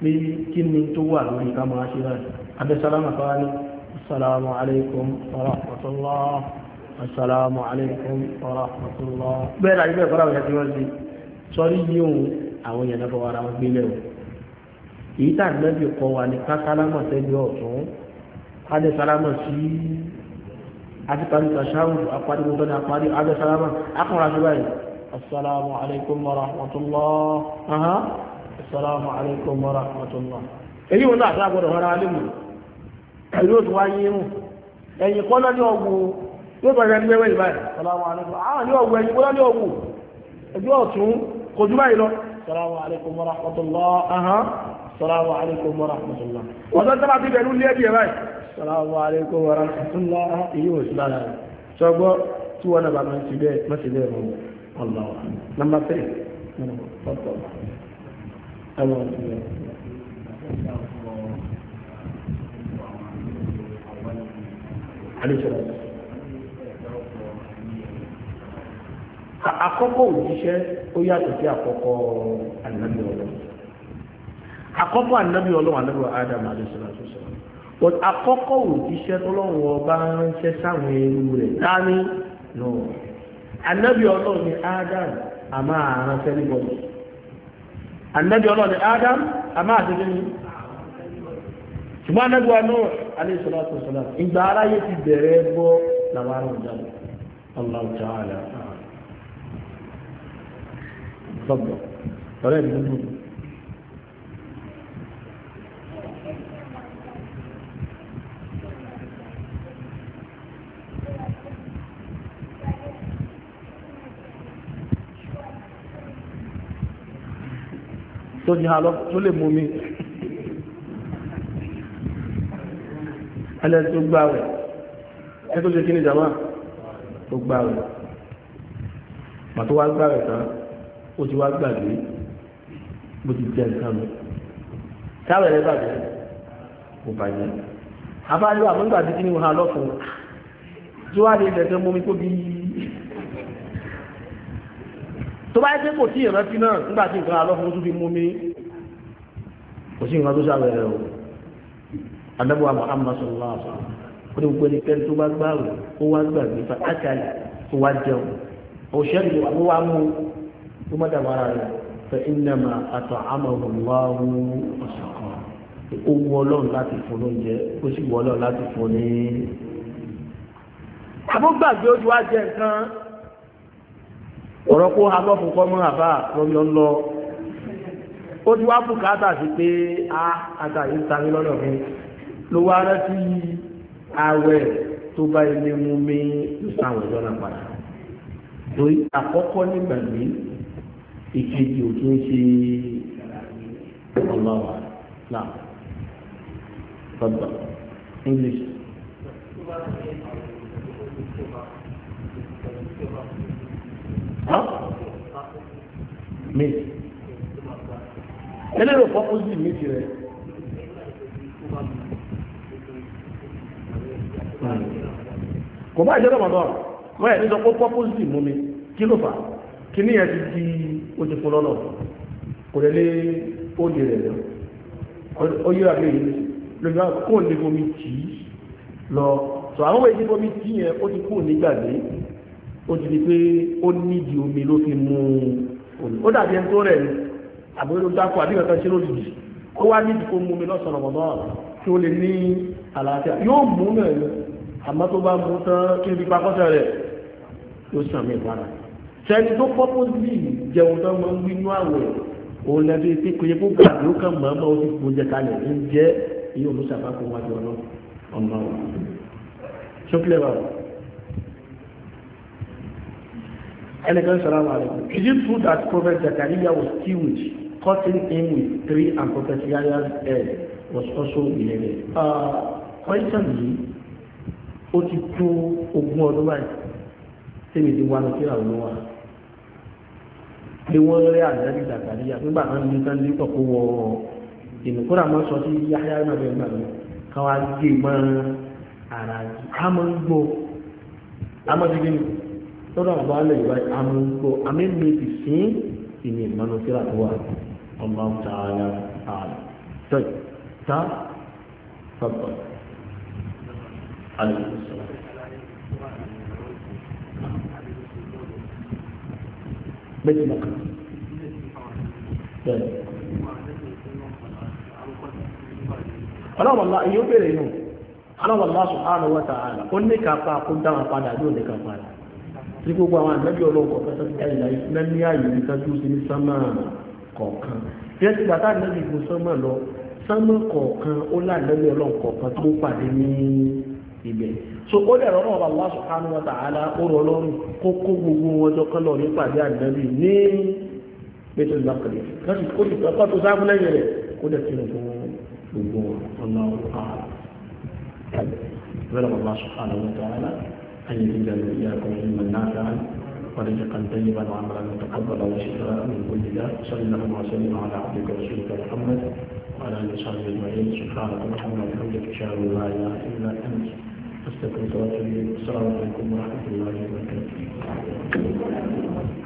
pé kí ni tó wà lórí ká máa ṣe láì abẹ́sálámà fáwọn ní assalamu àwọn èèyàn lọ́fọ́ ara wọn o èyí tá àgbẹ̀bí kọ wa ní ká sálámà ọ̀tún adé sálámà sí àtìparí tàṣáwù apárí gbogbo ní apárí adé sálámà akọ̀rọ̀ àti báyìí asalaamu alaykum wa rahmatulah aha asalaamu alaykum wa rahmatulah èyí wọn náà sábọ̀dọ̀ ọ̀rọ̀ alẹ́ mu ẹ̀yìn òtún wá yé mu ẹ̀yìn kọ́ ọ̀gbù yóò asalaamu alaykum salamu alaykum wa rahmatulah ahan salamu alaykum wa rahmatulah. wọ́n tó sábà ti bẹ̀rù ní ẹbí ẹ̀ báyìí. salamu alaykum wa rahmatulah iye wò sí lára rẹ̀. sọgbọ́ tí wọ́n náà bá máa ti bẹ́ẹ̀ máa ti bẹ́ẹ̀ mọ́ ọ̀la wa. nàmbà tẹ̀lé ọ̀tọ̀ ẹ̀wọ̀n ọ̀tún àkọ́kọ́ òjíṣẹ́ ó yàtọ̀ sí àkọ́kọ́ àkọ́kọ́ ànábì ọlọ́run ànábì adam alẹ́sọ̀rọ̀ but àkọ́kọ́ òjíṣẹ́ tọ́lọ́run ọba ránṣẹ́ sáwọn ẹrú rẹ̀ dání nù ànábì ọlọ́run ni adam àmà ránṣẹ́ níbọ̀dọ̀ ànábì ọlọ́run ni adam àmà àtẹ́jẹ́ ni ṣùgbọ́n ànábì wa náà alẹ́sọ̀rọ̀ ìgbà aráyé ti bẹ̀rẹ̀ bọ́ làwọn ará ọ̀dà Allah ta'ala. Tọ́gbọ̀n, ọ̀rẹ́ mi ló dùn. tó ní alọ́ tó lè mú mi ẹlẹ́ni tó gbà rẹ̀ ẹ tó ṣe kí ni jama tó gbà rẹ̀ pàtó wá gbà rẹ̀ tán ó ti wá gbàgbé bó ti jẹ nǹkan mi táwọn ẹ̀rẹ́ bàjẹ́ kò bàjẹ́ abájọ́ àmúgbàdí kí ni wọ́n á lọ́fún tí wàá lè lẹ́sẹ̀ mú mi kó bí yí tó bá yẹ pé kò tí ìrántí náà nígbà tí nǹkan alọ́fún tó fi mú mi kò sí nǹkan tó sábẹ̀ rẹ̀ o adábọ̀ àmọ́ amásọ̀ lọ́wọ́ ó ní gbogbo ẹnikẹ́ni tó bá gbààrò ó wá gbàgbé fa ákàlà ó wá jẹun òṣèlú àwọn wa mú ó mọ́ dàbọ̀ ara rẹ̀ fẹ́ ìnàmà àtọ̀ àmọ̀wò láwù ọ̀sọ̀kọ̀ ó wọ ọlọ́run láti fún lóúnjẹ ó sì wọ ọlọ́run láti fún ní. àbúgbàgbé ojú wa jẹ nǹkan ọ̀rọ̀ kó abọ́fù kọ́ mọ́ àbá lọ́yọ́ lọ ó ti wá bùkátà sí pé a àtàyè ń tani lọ́nà mi ló wá rántí ààwẹ̀ tó bá ilé mú mi sáwọn ìjọ́nà padà torí àkọ́kọ́ nígbà mí ìkejì ò kí ń ṣe ọlọ́wà náà English. méjì eléyìí fọ́pọ́ sí méjì rẹ̀ kò bá ìjọba mọ̀dọ́ wọ́n yẹ nítorí pọ́pọ́ sí mú mi kí ló fà kí ní yẹn ti di oṣù fún lọ́nà kò lè lé oúnjẹ rẹ̀ lọ ó yíra bí èyí lójú àwọn kò lè bomi tì í lọ sọ àwọn èyí bomi tì yẹn ó ti kú nígbàgbé ó ti di pé ó nídìí omi ló fi mú omi ó dàbí ẹni tó rẹ̀ ni àbúrò ló dákọ̀ àbí kankan ṣe lójijì ó wá nídìí kó mú omi lọ́sàn-án ọ̀bọ̀bọ̀ kí ó lè ní àlàáfíà yóò mú náà ni àmọ́ tó bá mú tán kí n fi pakọ́sẹ̀ rẹ̀ yóò sàn mí ìpara sẹ́ni tó pọ́pọ́sì jẹun tó máa ń wí inú àwẹ̀ òun lẹ́bi pé kò yẹ kó gbàgbé ó kàn máa máa ó ti kó jẹ kalẹ̀ ń jẹ́ iye olùsàfà kó wájú ọlọ́run ẹnìkan sọ̀rọ̀ àwọn is it true that prophet Zakaria was killed cutting him with three and prophet Isaiah's head was also beheaded ah, question yìí ó ti tó ogún ọdún báyìí tèmi ti wá lọ sí àwọn olówó pé wọ́n rí àdáyé Zechariah nígbà kan ní kan ní kọ̀kọ́ wọ ìnùkúrà máa sọ sí Yahya náà bẹ́ẹ̀ nígbà náà káwá gé mọ́ ara yìí a máa ń gbọ́ a máa ti gbé mi lọ́dọ̀ àbá lè yọ amúgbó amẹ́mi ti sín ìní ìmọ̀nà sí àdúrà ọmọ tààlà àlà tọ́yì tá pàpà àlè sọ̀rọ̀. méjì mọ̀ká bẹ́ẹ̀ ọlọ́wọ̀lá yóò bèèrè inú ọlọ́wọ̀lá subhanahu wa ta'ala ó ní kápá kó dáhùn padà yóò ní kápá rẹ̀ tí gbogbo àwọn àgbẹ́bí ọlọ́pọ̀ pẹ́sẹ́ ti káyìlá lẹ́ní ààyè nìkan tí ó ti ní sánmà kọ̀ọ̀kan tí ẹ ti gbà táà lẹ́bí ìgbò sánmà lọ sánmà kọ̀ọ̀kan ó láàlẹ́bí ọlọ́pọ̀ọ̀kan tó pàdé ní ibẹ̀ so ó dẹ̀ rọ́rọ̀ ọba Allah subhanahu wa ta'ala ó rọ lọ́rùn kó kó gbogbo wọn jọ kán lọ ní pàdé àgbẹ́bí ní pété ìgbàkọ̀lẹ̀ kọ́sì kó ti pẹ́kọ́ tó sáfún lẹ́yìn rẹ̀ kó dẹ̀ أن يزيدنا إياكم علما نافعا ورزقا طيبا وعملا متقبلا وشفاء من كل داء صلى الله وسلم على عبدك ورسولك محمد وعلى آله وصحبه أجمعين سبحانك اللهم وبحمدك أشهد أن لا إله إلا أنت أستغفرك وأتوب إليك السلام عليكم ورحمة الله وبركاته